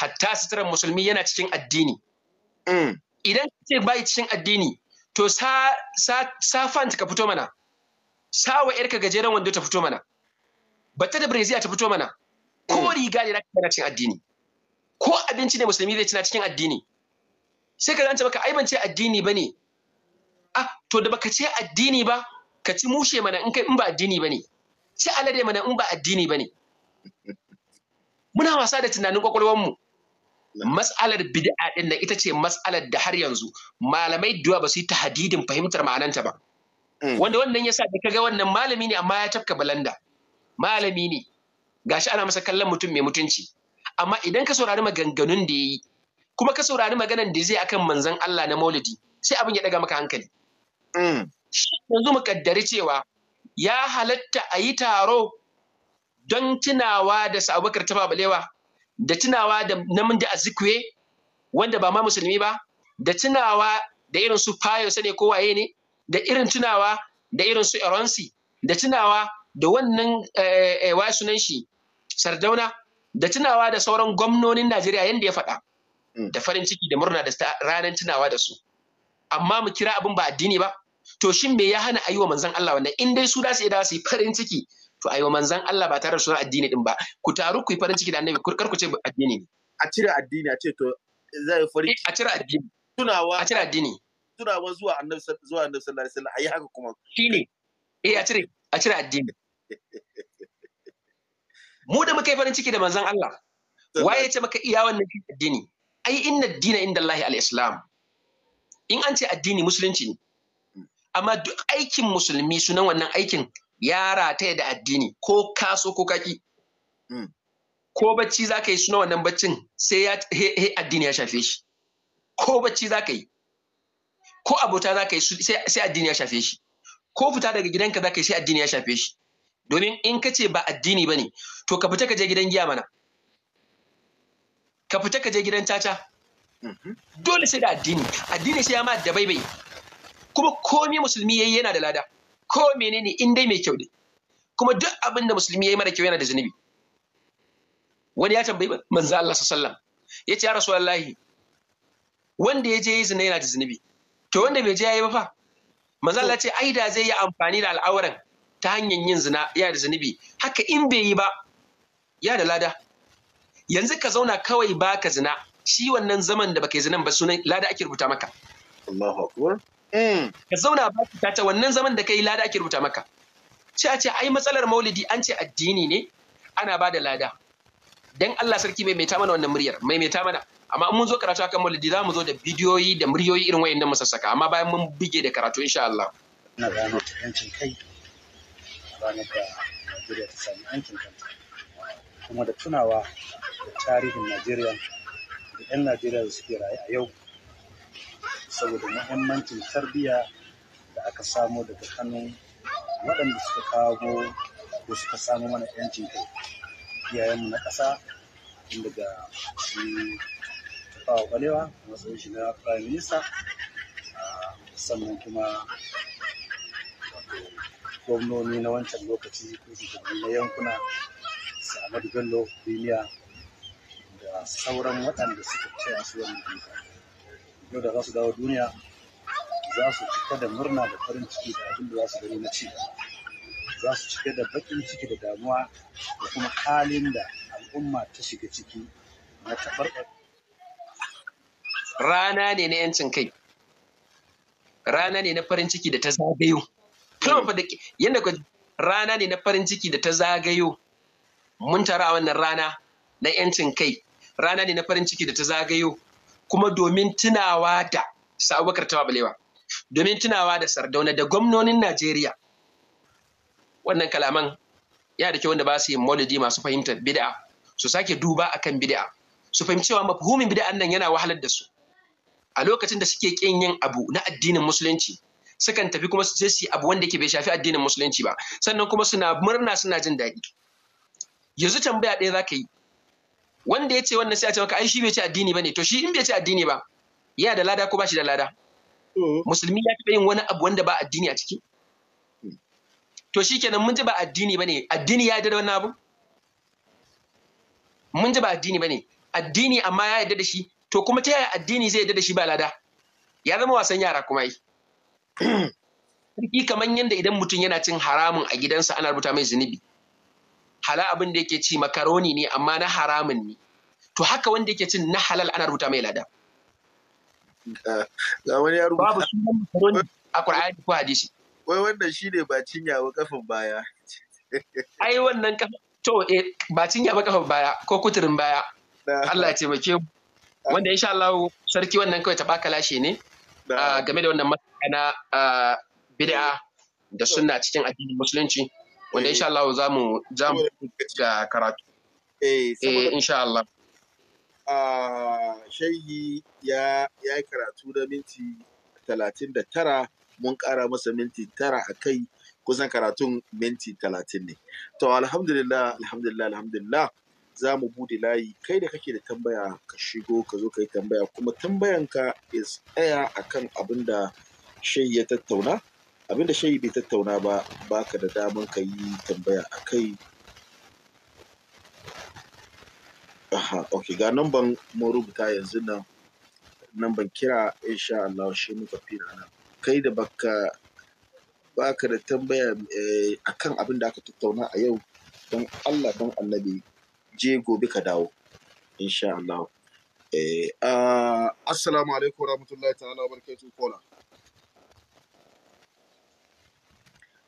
hatta suturar musulmi yana cikin addini mm. idan ce bai cikin addini to sa sa ka fito mana wa yarka gajeren wando ta fito mana batta da breziya ta fito mana ko mm. riga ne zaka kana cin addini ko abinci ne musulmi zai cina cikin addini sai ka zance baka ai ban ce addini bane ah to da baka ce addini ba ka ci mushe mana in kai in ba addini bane ci alade mana in ba addini bane muna wasa da tunanin kwakwalwar mu mas'alar bid'a din nan ita ce mas'alar da har yanzu malamai duwa ba su yi tahadidin fahimtar ma'ananta ba mm. wanda wannan yasa da kaga wannan malami ne amma ya tafka balanda malami ne gashi ana masa kallon mutum mai mutunci amma idan ka saurari maganganun da yayi kuma ka saurari maganan da zai akan manzon Allah na Maulidi sai abin ya daga maka hankali mm. yanzu mu kaddari cewa ya halatta a yi taro don tunawa da Abubakar ta babalewa da tunawa da namun da azikwe wanda ba ma musulmi ba da tunawa da irin su fayo ne ko waye ne da irin tunawa da irin su eronsi da tunawa da wannan eh, eh, sunan shi sardauna da tunawa da sauran gwamnonin Najeriya yadda ya faɗa mm. da farin ciki da murna da ranar tunawa da su amma mu kira abin ba addini ba to shin me ya hana ayi manzan manzon Allah wannan in dai su da su su yi farin ciki to ayi manzan manzon Allah ba tare da sunan addini din ba ku taru ku yi farin ciki da annabi kar ku ce addini ne a cire addini a ce to zai farin eh, ciki a cire addini tunawa a cire addini tunawa zuwa annabi zuwa annabi sallallahu alaihi wasallam ayi haka kuma shine eh a cire a cire addini mu da muka yi farin ciki da manzon Allah waye ce maka iya wannan addini ai inna addina inda Allah al-islam in an ce addini musulunci ne amma duk aikin musulmi sunan wannan aikin ya rata da addini ko kaso ko kaki hmm. ko bacci za ka yi suna wannan baccin sai ya addini ya shafe shi ko bacci za ka yi ko abota za ka yi sai addini ya shafe shi ko fita daga gidanka za ka yi sai addini ya shafe shi domin in ka ce ba addini ba ne to ka fita ka je gidan giya mana ka fita ka je gidan caca mhm. dole sai da addini addini sai ya ma da baibai kuma komai musulmi yayi yana da lada ko menene in dai mai kyau ne kuma duk abin da musulmi yayi mara kyau yana da zunubi wani ya tambayi manzo Allah sallallahu ya ce ya rasulullahi wanda ya je yi zina yana da zunubi to wanda bai je yayi ba fa manzo Allah ce ai da zai yi amfani da al'auran ta hanyar yin zina ya da zunubi haka in bai yi ba ya da lada yanzu ka zauna kawai ba ka zina shi wannan zaman da baka yi zinan ba sunan lada ake rubuta maka Allahu akbar mm. ka zauna ka tata wannan zaman da kai lada ake rubuta maka ce a ce ai matsalar maulidi an ce addini ne ana ba da lada dan Allah sarki mai ta mana wannan muryar mai ta mana amma in mun zo karatu akan maulidi za mu zo da bidiyoyi da muryoyi irin wayannan musassaka amma bayan mun bige da karatu insha Allah na gano kai ranar da Najeriya ta sami yankin kanta kuma da tunawa da tarihin Najeriya da 'yan Najeriya da suke raye a yau saboda muhimmancin tarbiyya da aka samo daga hannun waɗanda suka kawo ko suka samu mana 'yancin kai iyayenmu na ƙasa inda daga shi tafawa kwalewa matsayin shi na firayim minista sannan kuma gwamnoni na wancan lokaci ko na yankuna samar Bello Duniya da sauran waɗanda suka taya su wannan duka. Yau da za su dawo duniya za su cika da murna da farin ciki da abin da za su gani na ci za su cika da baƙin ciki da damuwa da kuma halin da al'umma ta shiga ciki na taɓarɓar. Rana ne na 'yancin kai, rana ne na farin ciki da ta zagayo. Trump mm. fa da yanda rana ne na farin ciki da ta zagayo mun tara a wannan rana na yancin kai rana ne na farin ciki da ta zagayo kuma domin tunawa da sa'abakar tawa balewa domin tunawa da sardauna da gwamnonin najeriya wannan kalaman yana da kyau wanda ba su yi maulidi masu fahimtar bid'a su sake duba akan bid'a su fahimci cewa mafhumin bid'an nan yana wahalar da su a lokacin da suke kin yin abu na addinin musulunci sukan tafi kuma su je su abu wanda yake bai shafi addinin musulunci ba sannan kuma suna murna suna jin daɗi yanzu tambaya ɗaya za ka yi wanda ya ce wannan sai a ce maka ai shi bai ci addini ba ne to shi in bai ci addini ba yana da lada ko ba shi da lada musulmi ya taɓa yin wani abu wanda ba addini a ciki hmm. to shi kenan mun ji ba addini ba ne addini ya yarda da wani abu mun ji ba addini ba ne addini amma ya yarda da shi to kuma ta yaya addini zai yarda da shi ba lada ya zama wasan yara kuma yi sarki kamar yadda idan mutum yana cin haramun a gidansa ana rubuta mai zunubi hala abin da yake ci makaroni ne amma na haramun ne to haka wanda yake cin na halal ana rubuta mai lada ga wani ya rubuta babu sunan makaroni a Qur'ani ko hadisi wai wannan shine ba cinya ba kafin baya ai wannan kafin to eh ba cinya ba kafin baya ko kuturin baya Allah ya taimake mu wanda insha Allah sarki wannan kawai ta baka lashe ne Ah, game da wannan matsala na ah, bid'a da sunna cikin addinin musulunci wanda insha eh. Allah za mu za mu ga karatu eh, eh insha Allah ah, shehi ya yi karatu da minti talatin da tara mun ƙara masa minti tara akai, kusan karatun minti talatin ne to alhamdulillah alhamdulillah alhamdulillah za mu bude layi kai da kake da tambaya ka shigo ka zo ka yi tambaya kuma tambayanka ya tsaya a kan abin da shai ya tattauna abin da shai bai tattauna ba ba ka da daman ka yi tambaya a kai aha ok ga namban mun rubuta yanzu nan namban kira insha Allah shi muka fi nan kai da baka ba ka da tambaya eh, a kan abin da aka tattauna a yau don Allah don annabi je gobe ka dawo insha Allah eh uh, assalamu alaikum warahmatullahi ta'ala wabarakatuh kola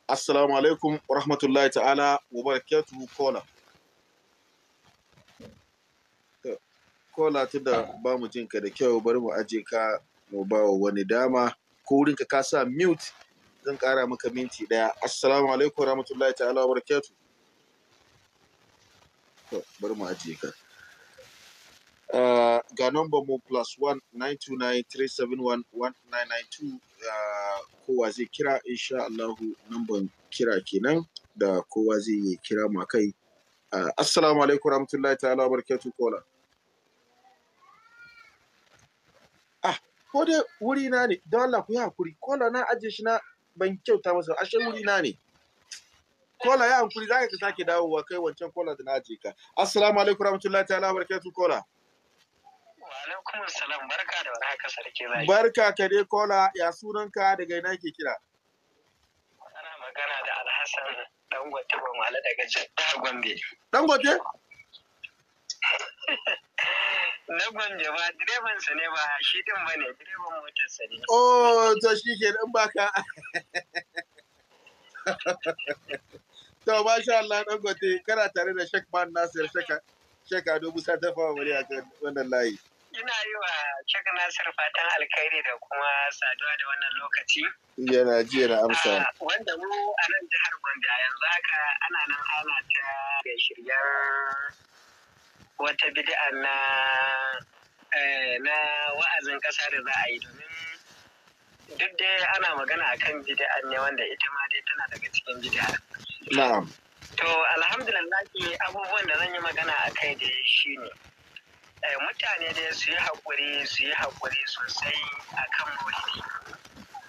assalamu alaikum warahmatullahi ta'ala wabarakatuh kola kola tunda da ba mu jinka da kyau bari mu aje ka mu ba wa wani dama ko wurinka ka sa mute zan kara maka minti daya assalamu alaikum warahmatullahi ta'ala wabarakatuh bari mu ajiye ka ah, ga number mu plus one nine two nine three seven one one nine nine two ah, kowa zai kira insha Allahu number kira kenan da kowa zai yi kira ma kai ah, assalamu alaikum rahmatullahi ta'ala barakatu kola ah ko dai wuri na ne don Allah ku yi hakuri kola na ajiye shi na ban kyauta masa ashe wuri na ne kola ya hankuri za ka sake dawowa kai wancan kola da na aje ka assalamu alaikum warahmatullahi ta'ala barakatuh kola wa alaikum Salam, barka da warhaka sarki zaki barka ka dai kola ya sunan ka daga ina ke kira ana magana da alhassan dangote ba mala daga jihar gombe dangote na Gombe ba direban sa ne ba shi din ba ne direban motar sa ne oh to shi ke dan baka To masha Allah Dangote kana tare da Sheikh Man Nasir Sheka Sheka musa ta fa wuri a kan wannan layi. Ina yi wa Sheikh Nasir fatan alkhairi da kuma saduwa da wannan lokaci. Yana jiya na amsa. Ah, wanda mu a nan jihar Gombe yanzu haka ana nan ana ta da shiryen wata bid'a na eh, na wa'azin kasa da za a yi domin duk dai ana magana akan bid'a ne wanda ita ma dai tana daga cikin bid'a. Na'am. To alhamdulillah abubuwan da zan yi magana a kai da shi ne. Eh, mutane da su yi haƙuri su yi haƙuri sosai a kan maulidi.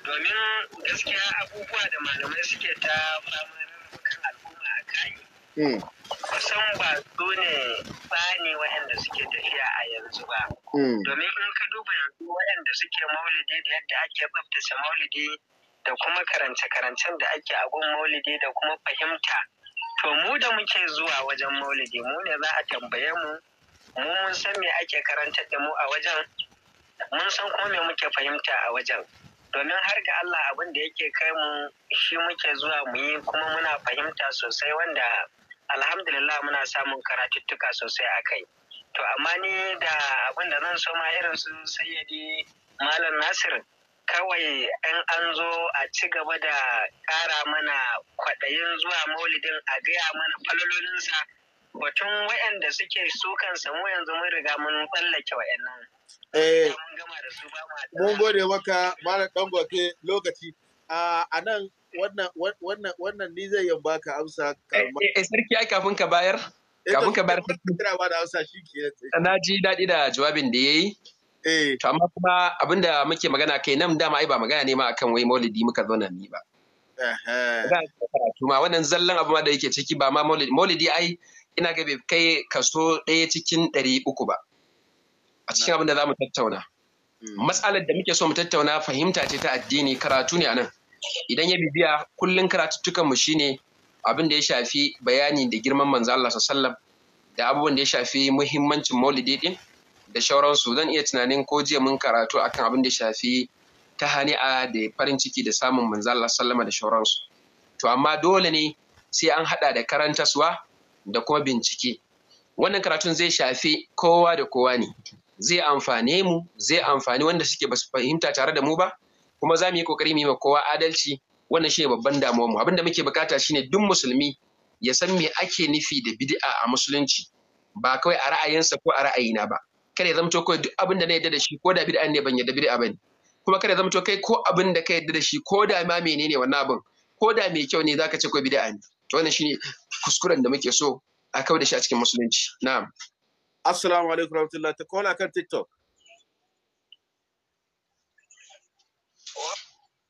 Domin gaskiya abubuwa da malamai suke ta fama kan al'umma a kai. Hmm. Kusan ba su ne ba ne waɗanda suke tafiya a yanzu ba. Hmm. Domin in ka duba yanzu waɗanda suke maulidi da yadda ake tsaftace maulidi da kuma karance-karancen da ake a gun maulidi da kuma fahimta to mu da muke zuwa wajen maulidi mu ne za a tambaye mu mu mun san me ake karantar da mu a wajen mun san kuma me muke fahimta a wajen domin har ga Allah abin da yake kai mu shi muke zuwa mu yi kuma muna fahimta sosai wanda alhamdulillah muna samun karatuttuka sosai a kai to amma ni da abin da zan so ma irin su sayyadi malam nasir kawai an an zo a ci gaba da ƙara mana kwaɗayin zuwa maulidin a gaya mana falalolinsa batun wayanda suke sukan samu yanzu mun riga mun tsallake wayannan Eh, mun gode maka malam dangote lokaci. A nan wannan ni zai yamba ka amsa kalma. Eh, eh, sarki ai kafin ka bayar? Eh, kafin ka bayar. Na ji daɗi da jawabin da ya yi. Eh. To amma kuma abinda muke magana kai nan dama ai ba magana ne ma akan wai maulidi muka zauna ni ba. Kuma wannan zallan abu da yake ciki ba ma maulidi maulidi ai ina ga bai kai kaso ɗaya cikin ɗari uku ba. A cikin abin da za mu tattauna. Hmm. Matsalar da muke so mu tattauna fahimta ce ta addini karatu ne a nan. Idan ya bibiya kullum karatuttukan mu shine abin da ya shafi bayani da girman manzo Allah sallallahu da abubuwan da ya shafi muhimmancin maulidi din. da shauransu zan iya tunanin ko jiya mun karatu akan abin da shafi ta hani'a da farin ciki da samun Allah sallama da shauransu to amma dole ne sai an hada da karantaswa da kuma bincike wannan karatun zai shafi kowa da kowa ne zai amfane mu zai amfani wanda suke basu fahimta tare da mu ba kuma za mu yi kokari mu yi kowa adalci wannan shine babban damuwar mu da muke bukata shine duk musulmi ya san me ake nufi da bid'a a musulunci ba kawai a ra'ayinsa ko a ra'ayina ba kada ya zamto kai duk abin da na yadda da shi ko da bid'a ne ban yadda bid'a bane kuma kada ya zamto kai ko abin da ka yadda da shi ko da ma menene wannan abin ko da mai kyau ne zaka ce ko bid'a ne to wannan shine kuskuren da muke so a kawo da shi a cikin musulunci na'am assalamu alaikum warahmatullahi ta kola kan tiktok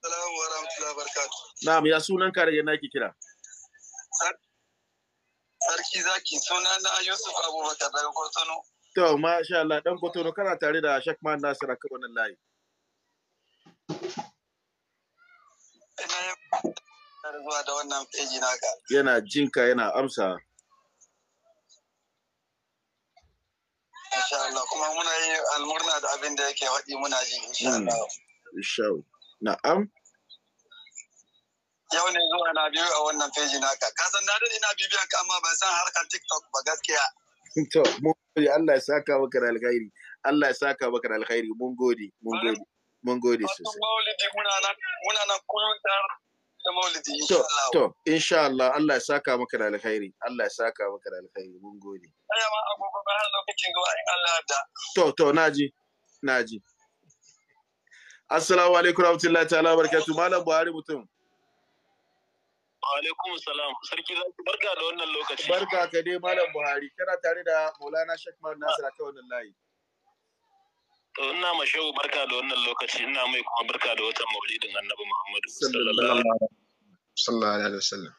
Assalamu warahmatullahi wabarakatuh. Na'am, ya sunan ka da yana ki kira? Sarki zaki suna na Yusuf Abubakar daga Kotono. To, masha Allah, ɗan Kotono kana tare da Shekman Nasir a kan wannan layi. zuwa da wannan peji naka. Yana jinka yana amsa. Masha Allah kuma muna yi almurna da abin da yake haɗi muna ji insha hmm. Allah. Allah. Na'am. Yau ne zuwa na biyu a wannan peji naka. Ka san na ina bibiyan ka amma ban san harkar TikTok ba gaskiya. to mun gode Allah ya saka maka da alkhairi Allah ya saka maka da alkhairi mun gode mun gode mun gode sosai maulidi muna nan muna nan kullun tar da maulidi insha Allah to insha Allah Allah ya saka maka da alkhairi Allah ya saka maka da alkhairi mun gode ayama agogo ba har lokacin zuwa in Allah da to to naji naji assalamu alaikum warahmatullahi ta'ala barakatuh malam Buhari mutum alaikum salam sarki za ki barka da wannan lokaci barka ka dai malam buhari kana tare da maulana shek mal nasir akan wannan layi to ina ma shehu barka da wannan lokaci ina mai kuma barka da watan maulidin annabi muhammadu sallallahu alaihi wasallam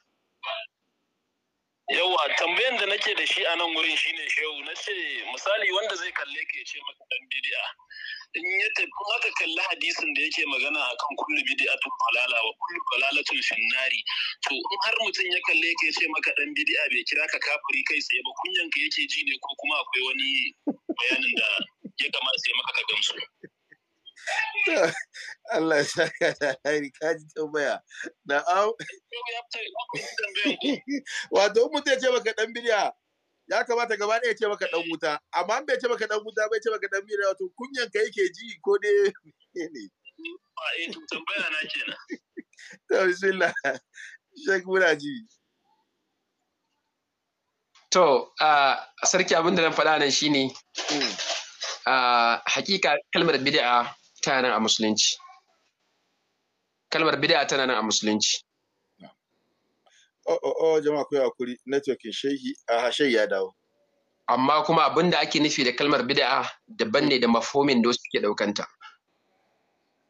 yawa tambayan da nake da shi a nan wurin shine shehu na ce misali wanda zai kalle ke ce maka dan bidi'a in ya tafi aka kalli hadisin da yake magana a akan kullu bid'atun balala wa kullu balalatul finnari to in har mutum ya kalle ka ce maka dan bidia bai kira ka kafiri kai tsaye ba kunyan ka yake ji ne ko kuma akwai wani bayanin da ya kamata sai maka ka gamsu Allah ya saka da hari ka ji tambaya na'am wato mutum ya ce maka dan bid'a ya kamata gaba ɗaya ce maka ɗan wuta amma bai ce maka ɗan wuta bai ce maka ɗan mira wato kunyan ka yake ji ko ne ne a yi to tambaya na na ta bismillah shek muna ji to a sarki abinda nan faɗa nan shine hmm. a hakika kalmar bid'a ta nan a musulunci kalmar bid'a tana nan a musulunci Oh, oh oh jama'a ku hakuri networkin shehi a shehi ya dawo amma kuma abin da ake nufi da kalmar bid'a daban ne da mafomin da suke daukanta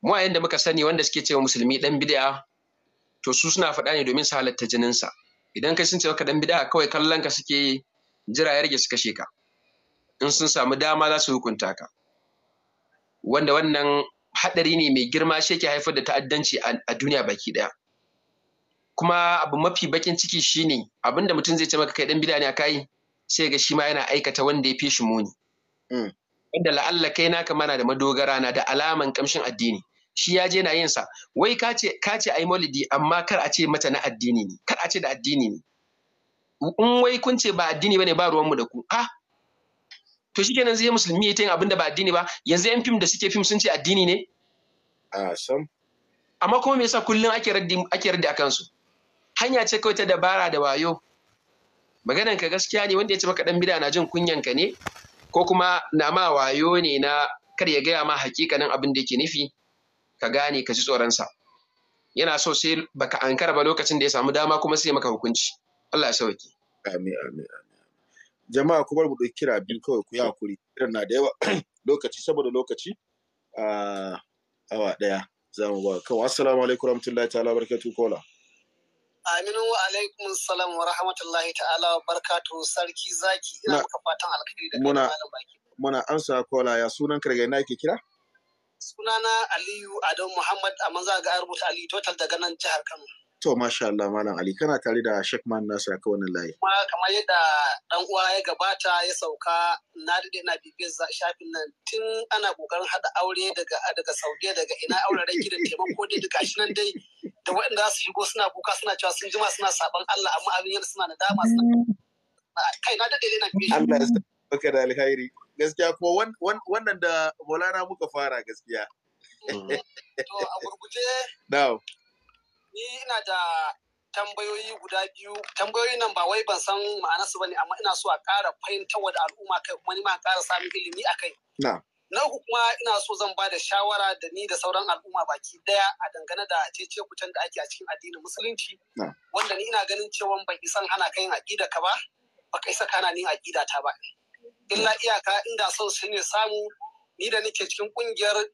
mu a yanda muka sani wanda suke cewa musulmi ɗan bid'a to su suna faɗa ne domin su halatta jinin sa. idan kai sun ce maka dan bid'a kawai kallon ka suke jira ya rage su kashe ka in sun samu dama za su hukunta ka wanda wannan haɗari ne mai girma shi yake haifar da ta'addanci a duniya baki ɗaya kuma abu mafi bakin ciki shine abinda mutum zai ce maka kai dan bid'a ne a akai sai ga shi ma yana aikata wanda ya fi shi muni mm. wanda la'alla kai naka mana da madogara na da alaman kamshin addini shi ya je na yin sa wai ka ce a yi ai maulidi amma kar a ce mata na addini ne kar a ce da addini ne in wai kun ce ba addini bane ba ruwanmu da ku ah to kenan zai musulmi ya ta yin abin da ba addini ba yanzu yan fim da suke fim sun ce addini ne ah, amma kuma me yasa kullum ake raddi a kansu? hanya ce kawai ta dabara da wayo maganan ka gaskiya ne wanda ya ce maka dan bida na jin kunyan ka ne ko kuma na ma wayo ne na kar ya gaya ma hakikanin abin da yake nufi ka gane ka ji tsoron sa. yana so sai baka ankara ba lokacin da ya samu dama kuma sai maka hukunci Allah ya sauke amin amin amin jama'a ku bar mu kira biyu kawai ku yi hakuri kiran na da yawa lokaci saboda lokaci a ah, awa daya za mu ba kawai assalamu alaikum warahmatullahi ta'ala barakatuh kola Aminu wa alaikum salam wa rahmatullahi ta'ala wa barkatu sarki zaki ina muka fatan alkhairi da baki. muna ansa kola ya sunan kirgai na yake kira sunana Aliyu Adamu Muhammad amma za ga rubuta Aliyu total daga nan jihar Kano To masha Allah Malam Ali kana tare da Sheikh Man Nasir ka wannan layi. Kuma kamar yadda dan uwa ya gabata ya sauka na dade ina bibiyar shafin nan tun ana kokarin hada aure daga daga Saudi daga ina aure raki da taimako dai duka shi nan dai da waɗanda za su shigo suna kuka suna cewa sun jima suna saban Allah amma abin yana suna nadama suna kai na dade na bibiyar. Allah ya saka da alkhairi. Gaskiya kuma wannan da Maulana muka fara gaskiya. To a gurguje. Na'am. ni ina da tambayoyi guda biyu tambayoyin nan ba wai ban san ma'anarsu ba ne amma ina so a ƙara fahimtarwa da al'umma kai kuma ni ma ƙara samun ilimi a kai. Na uku kuma ina so zan ba da shawara da ni da sauran al'umma baki daya a dangane da cece da ake a cikin addinin musulunci. Wanda ni ina ganin cewa ban isan hana kayan aƙida ka ba, ba ka isa kana ni aƙida ta ba. Illa iyaka inda son shine samu ni da nake cikin ƙungiyar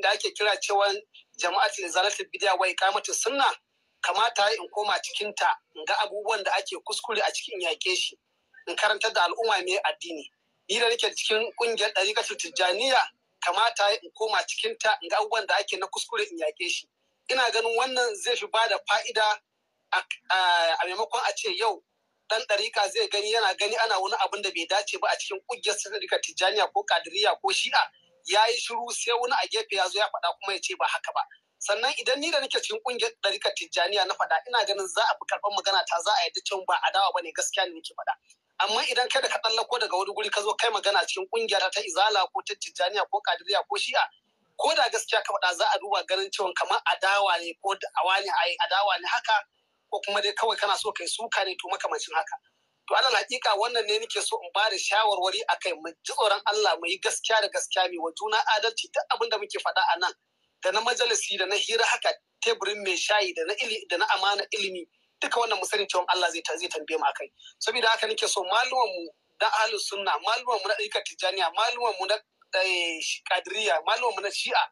da ake kira cewa jama'at lizalatul bid'a wa iqamatus sunna kamata in koma cikin ta in ga abubuwan da ake kuskure a cikin yake shi in karantar da al'umma mai addini ni da nake cikin kungiyar dariqatul tijjaniya kamata in koma cikin ta ga abubuwan da ake na kuskure in yake shi ina ganin wannan zai fi bada fa'ida a maimakon a ce yau dan ɗarika zai gani yana gani ana wani abin da bai dace ba a cikin ƙungiyar tijjaniya ko kadiriya ko shi'a ya yi shiru sai wani a gefe ya zo ya faɗa kuma ya ce ba haka ba sannan idan ni da nake cikin kungiyar ɗarikar tijjaniya na faɗa ina ganin za a fi karɓar magana ta za a yadda cewa ba adawa ba ne gaskiya ne nake faɗa amma idan kai da ka tsallako daga wani guri ka zo kai magana cikin kungiya ta izala ko ta tijjaniya ko kadiriya ko shi'a ko da gaskiya ka faɗa za a duba ganin cewa kamar adawa ne ko da'awa ne ai adawa ne haka ko kuma dai kawai kana so kai suka ne to makamancin haka to alal hakika wannan ne nake so in ba da shawarwari akai mu ji tsoron Allah mu yi gaskiya da gaskiya mai wa juna adalci duk abin da muke faɗa a nan da na majalisi da na hira haka teburin mai shayi da na amana ilimi duka wannan mu sani cewa Allah zai zai tambaye mu akai saboda haka nake so maluman mu da ahlus sunna maluman mu na ɗarikar tijaniya maluman mu na eh, kadiriya maluman mu na shi'a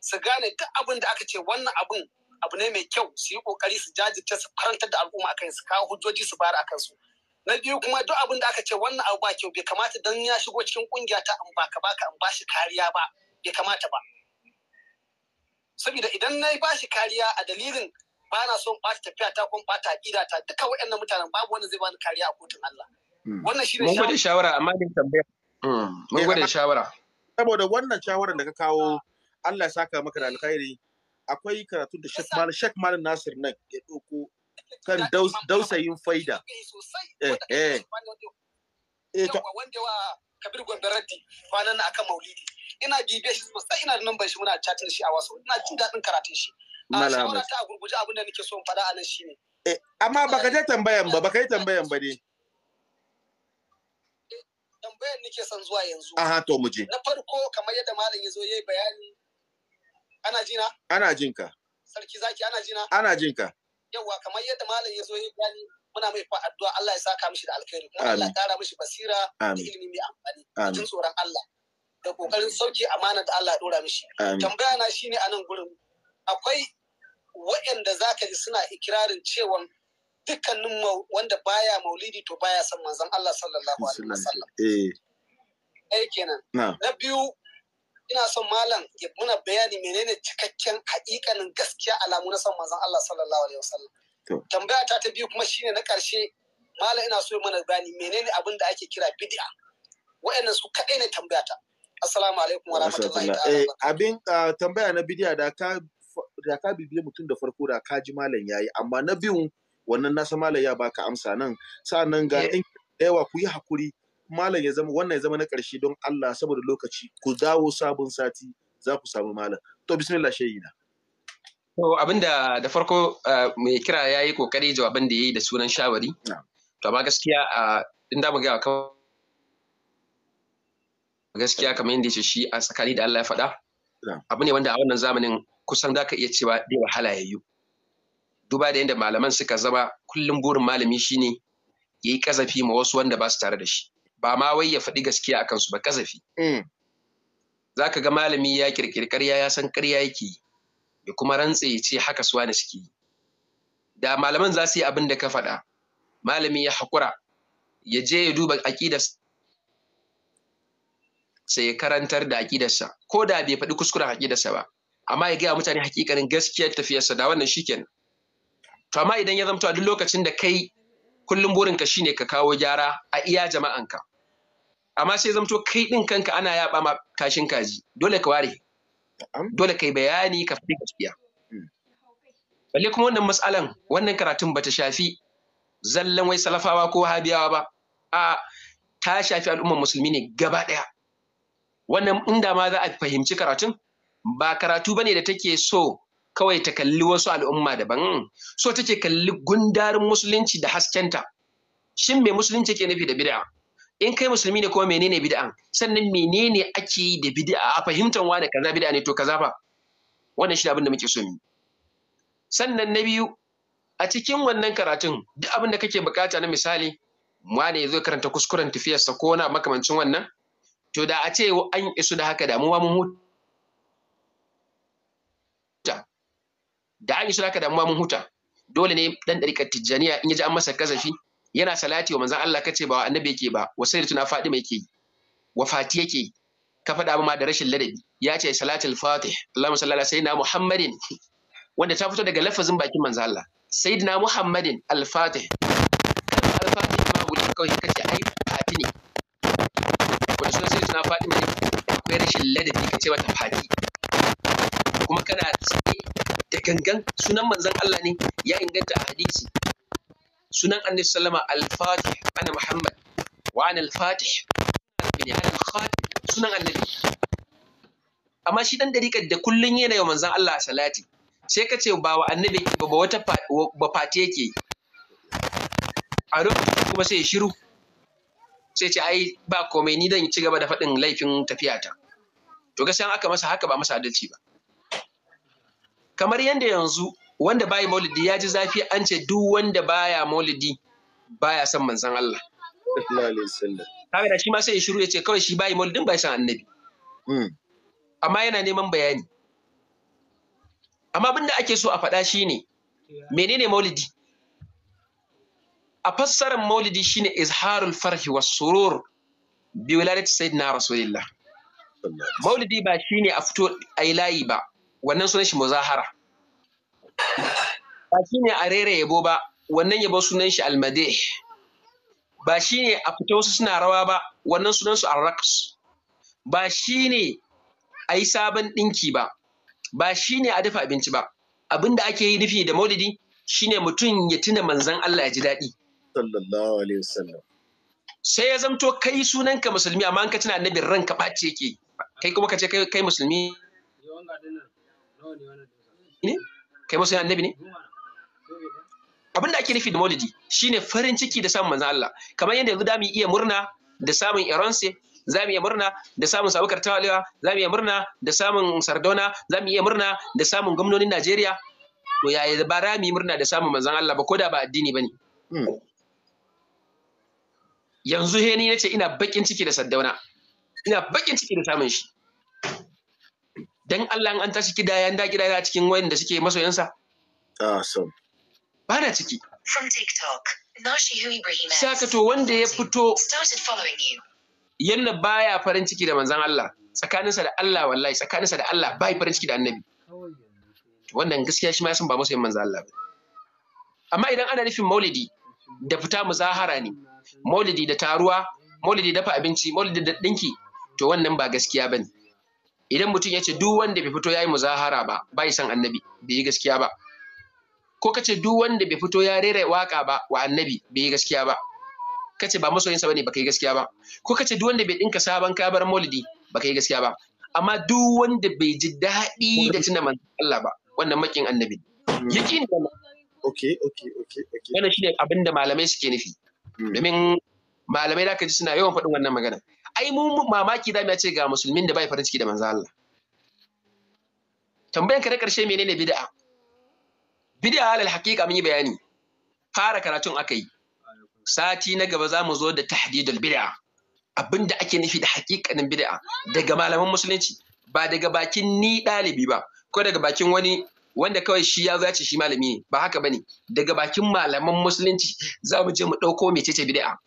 su gane duk abin da aka ce wannan abin abu ne mai kyau su yi kokari su jajirce su karantar da al'umma akan su kawo hujjoji su bayar akan su na biyu kuma duk abin da aka ce wannan abu ba kyau bai kamata dan ya shigo cikin kungiya ta an baka baka an bashi kariya ba bai kamata ba saboda idan na bashi kariya a dalilin ba na son ɓata tafiya ta kun ɓata aƙida ta duka waɗannan mutanen babu wanda zai bani kariya a kotun Allah hmm. wannan shi ne mun gode shawara amma din tambaya hmm, mun gode eh, shawara saboda wannan shawara da ka kawo Allah ya saka maka da alkhairi akwai karatu da Sheikh Malik Sheikh Malik Nasir nan ya doko. kan dausayin faida. Eh, eh. eh wanda wa Kabir Gombe kwanan na akan Maulidi. Ina bibiye shi sosai ina da namban shi muna chatin shi a wasu. Ina jin daɗin karatun shi. Ah, a shawara ta gurguje abin da nake so in faɗa a nan shi ne. Eh, amma baka je tambayan ba, baka yi tambayan ba ne. Eh, tambayan nake son zuwa yanzu. Aha, to mu je. Na farko kamar yadda malam ya zo ya yi bayani. Ana jina? Ana jinka. Sarki zaki ana jina? Ana jinka. yawa kamar yadda malam ya zo ya gani muna mai addu'a Allah ya saka mishi da alkhairi kuma Allah ya kara mishi basira da ilimi mai amfani cikin tsoron Allah da kokarin sauke amana da Allah ya dora mishi tambaya na shine a nan gurin akwai waɗanda zaka ji suna ikirarin cewa dukkanin wanda baya maulidi to baya son manzon Allah sallallahu alaihi wasallam eh kenan na biyu ina son malam ya muna bayani menene cikakken haƙiƙanin gaskiya alamu na son manzon Allah sallallahu alaihi wasallam tambaya ta ta biyu kuma shine na ƙarshe malam ina so mana bayani menene abin da ake kira bid'a wa'annan su kaɗai ne tambaya ta assalamu alaikum wa rahmatullahi ta'ala eh, abin tambaya na bid'a da ka da ka bibiye mutum da farko da ka ji malam yayi amma na biyun wannan nasa malam ya baka amsa nan sa'annan ga eh. ɗan yawa ku yi hakuri malam ya zama wannan ya zama na ƙarshe don Allah saboda lokaci ku dawo sabon sati za ku samu malam to bismillah shayina to abinda da farko eh, mai kira ya yi kokari jawaban da ya yi da sunan shawari to amma gaskiya a din da mu ga gaskiya kamar yadda ce shi a tsakani da Allah ya faɗa abu ne wanda a wannan zamanin kusan da ka iya cewa da wahala ya yi duba da yadda malaman suka zama kullum burin malami shine ya yi kazafi ma wasu wanda ba su tare da shi ba ma wai ya faɗi gaskiya a kansu ba kasafi. Mm. za ka ga malami ya kirkiri ƙarya ya san ƙarya yake ya kuma rantse ya ce haka suwa da suke da malaman za su yi abin da ka faɗa malami ya haƙura ya je ya duba aƙidas sai ya karantar da aƙidarsa ko da bai faɗi kuskuren aƙidarsa ba amma ya gaya mutane hakikanin gaskiyar tafiyarsa da wannan shiken. to amma idan ya zamto a duk lokacin da kai kullum burinka shine ka kawo gyara a iya jama'anka amma sai zamto kai din kanka ana yaba ma kashin kaji dole ka ware dole kai bayani ka fi gaskiya hmm. balle kuma wannan matsalan wannan karatun bata shafi zallan wai salafawa ko habiyawa ba a ta shafi al'ummar musulmi ne gaba ɗaya wannan inda ma za a fahimci karatun ba karatu bane da take so kawai ta kalli wasu al'umma daban so take kalli gundarin musulunci da haskenta shin me musulunci ke nufi da bid'a in kai musulmi ne kuma menene bid'an sannan menene ake yi da bid'a a fahimtar wa da kaza bid'a ne to kaza fa wannan shi abin da muke so mu sannan na biyu a cikin wannan karatun duk abin da kake bukata na misali wane ne zai karanta kuskuren tafiyarsa ko na makamancin wannan to da a ce an isu da haka damuwa mun huta da an isu da haka damuwa mun huta dole ne dan dariƙar tijjaniya in ya ji an masa kasafi yana salati wa manzon Allah kace ba wa annabi yake ba wa fadi mai yake wa Fati yake ka faɗa ma da rashin ladabi ya ce salatul fatih Allahumma salli ala sayyidina Muhammadin wanda ta fito daga lafazin bakin manzo Allah sayyidina Muhammadin al-fatih kalmar al-fatih ma wuri kawai kace ai fati ne wanda sunan sayyidina Fatima ne akwai rashin ladabi kace wata fati kuma kana tsaye da gangan sunan manzon Allah ne ya inganta hadisi sunan annabi sallama al-fatih ana muhammad wa ana al-fatih ana al-khatim sunan annabi amma shi dan dariƙar da kullun yana yau manzon Allah salati sai ka ce ba wa annabi ba wata ba fati yake a kuma sai shiru sai ce ai ba komai ni dan ci gaba da faɗin laifin tafiyata to gaskiya aka masa haka ba masa adalci ba kamar yanda yanzu wanda bayi maulidi ya ji zafi an ce duk wanda baya maulidi baya son manzon Allah kaga shi ma sai ya shiru ya ce kawai shi bayi maulidin bai san annabi hmm. amma yana neman bayani amma abinda ake so a faɗa shine menene maulidi a fassarar maulidi shine izharul farhi wa surur bi wilayat sayyidina rasulillah maulidi ba shine a fito yi layi ba wannan sunan shi muzahara ba shi ne a rera yabo ba wannan yabo sunan shi almade ba shi ne a fita wasu suna rawa ba wannan sunan su arraks ba shi ne a yi sabon ɗinki ba ba shi ne a dafa abinci ba abin da ake yi nufi da maulidi shine mutum ya tuna manzan Allah ya ji daɗi sallallahu alaihi sai ya zamto kai sunanka musulmi amma ka tuna annabin ranka ɓace yake kai kuma ka ce kai musulmi ne kai masoyin annabi ne abin da ake nufi da maulidi shine farin ciki da samun manzon Allah kamar yadda yanzu mu iya murna da samun Ironsi za mu iya murna da samun Sabukar Tawaliwa za mu iya murna da samun Sardona za mu iya murna da samun gwamnonin Najeriya to yaya ba za mu yi murna da samun manzon Allah ba ko da ba addini bane hmm. yanzu he ni nace ina bakin ciki da Sardauna ina bakin ciki da samun shi dan Allah an tashi kidaya da kidaya cikin wayanda suke masoyansa awesome ah, ba na ciki from tiktok nashihu ibrahim saka to wanda ya fito started baya farin ciki da manzon Allah tsakaninsa da Allah wallahi tsakaninsa da Allah bai farin ciki da annabi wannan gaskiya shi ma sun ba masoyin manzon Allah ba amma idan ana nufin maulidi da fita muzahara ne maulidi da taruwa maulidi dafa abinci maulidi da dinki to wannan ba gaskiya bane idan mutum ya ce duk wanda bai fito ya yi muzahara ba bai san annabi bai yi gaskiya ba ko ka ce duk wanda bai fito ya rera waka ba wa annabi bai yi gaskiya ba ka ce ba masoyinsa bane baka yi gaskiya ba ko ka ce duk wanda bai dinka sabon kabar maulidi baka yi gaskiya ba amma duk wanda bai ji daɗi da tuna manzo Allah ba wannan makin annabi hmm. yakin okay okay okay okay wannan shine abinda malamai suke nufi hmm. domin malamai da ka ji suna yawan faɗin wannan magana ai mun mamaki da mu ce ga musulmin da bai farin ciki da manzo Allah tambayan ka na karshe menene bid'a bid'a alal haqiqa mun yi bayani fara karatun akai sati na gaba za mu zo da tahdidul bid'a abinda ake nufi da haƙiƙanin bid'a daga malaman musulunci ba daga bakin ni ɗalibi ba ko daga bakin wani wanda kawai shi ya zace shi malami ne ba haka bane daga bakin malaman musulunci za mu je mu ɗauko mecece bid'a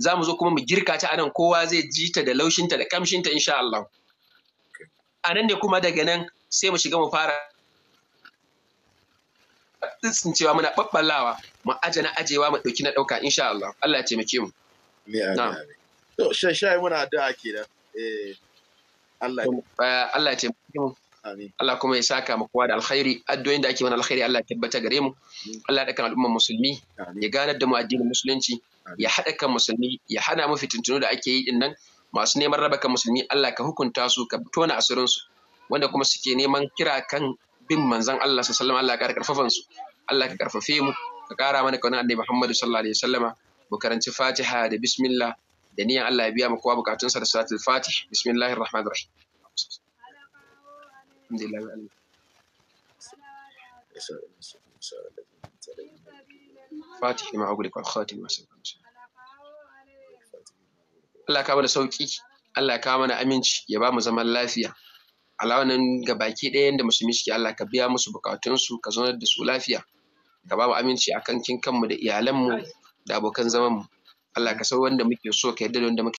za mu zo kuma mu girka ta anan kowa zai ji ta da laushinta da kamshinta insha Allah. A nan ne kuma daga nan sai mu shiga mu fara tsitsin cewa muna ɓaɓɓalawa mu aje na ajewa mu ɗauki na ɗauka insha Allah. Allah ya taimake mu. To shan muna addu'a kenan. Eh, eh, Allah ya taimake mu. Allah kuma ya saka mu kowa da alkhairi addu'o'in da ake mana alkhairi Allah ya tabbata gare mu. Allah ya daka al'ummar musulmi ya ganar da mu addinin musulunci. ya haɗa kan musulmi ya hana mu fitintunu da ake yi dinnan masu neman raba kan musulmi Allah ka hukunta su ka tona asirin su wanda kuma suke neman kira kan bin manzon Allah sallallahu alaihi wasallam Allah ka karfafa su Allah ka karfafe mu ka kara mana kaunar annabi Muhammad sallallahu alaihi wasallama mu karanci Fatiha da bismillah da niyan Allah ya biya mu kowa bukatunsa da salatul Fatih bismillahir rahmanir rahim alhamdulillah fatihi ma agulika wa khatimi ma sabaka Allah ka mana sauki Allah ka mana aminci ya ba mu zaman lafiya alawanan ga baki ɗaya yadda musulmi suke Allah ka biya musu bukatunsu ka zaunar da su lafiya ka ba mu aminci akan kin kanmu da iyalanmu da abokan zamanmu Allah ka san wanda muke so ka yarda da wanda muke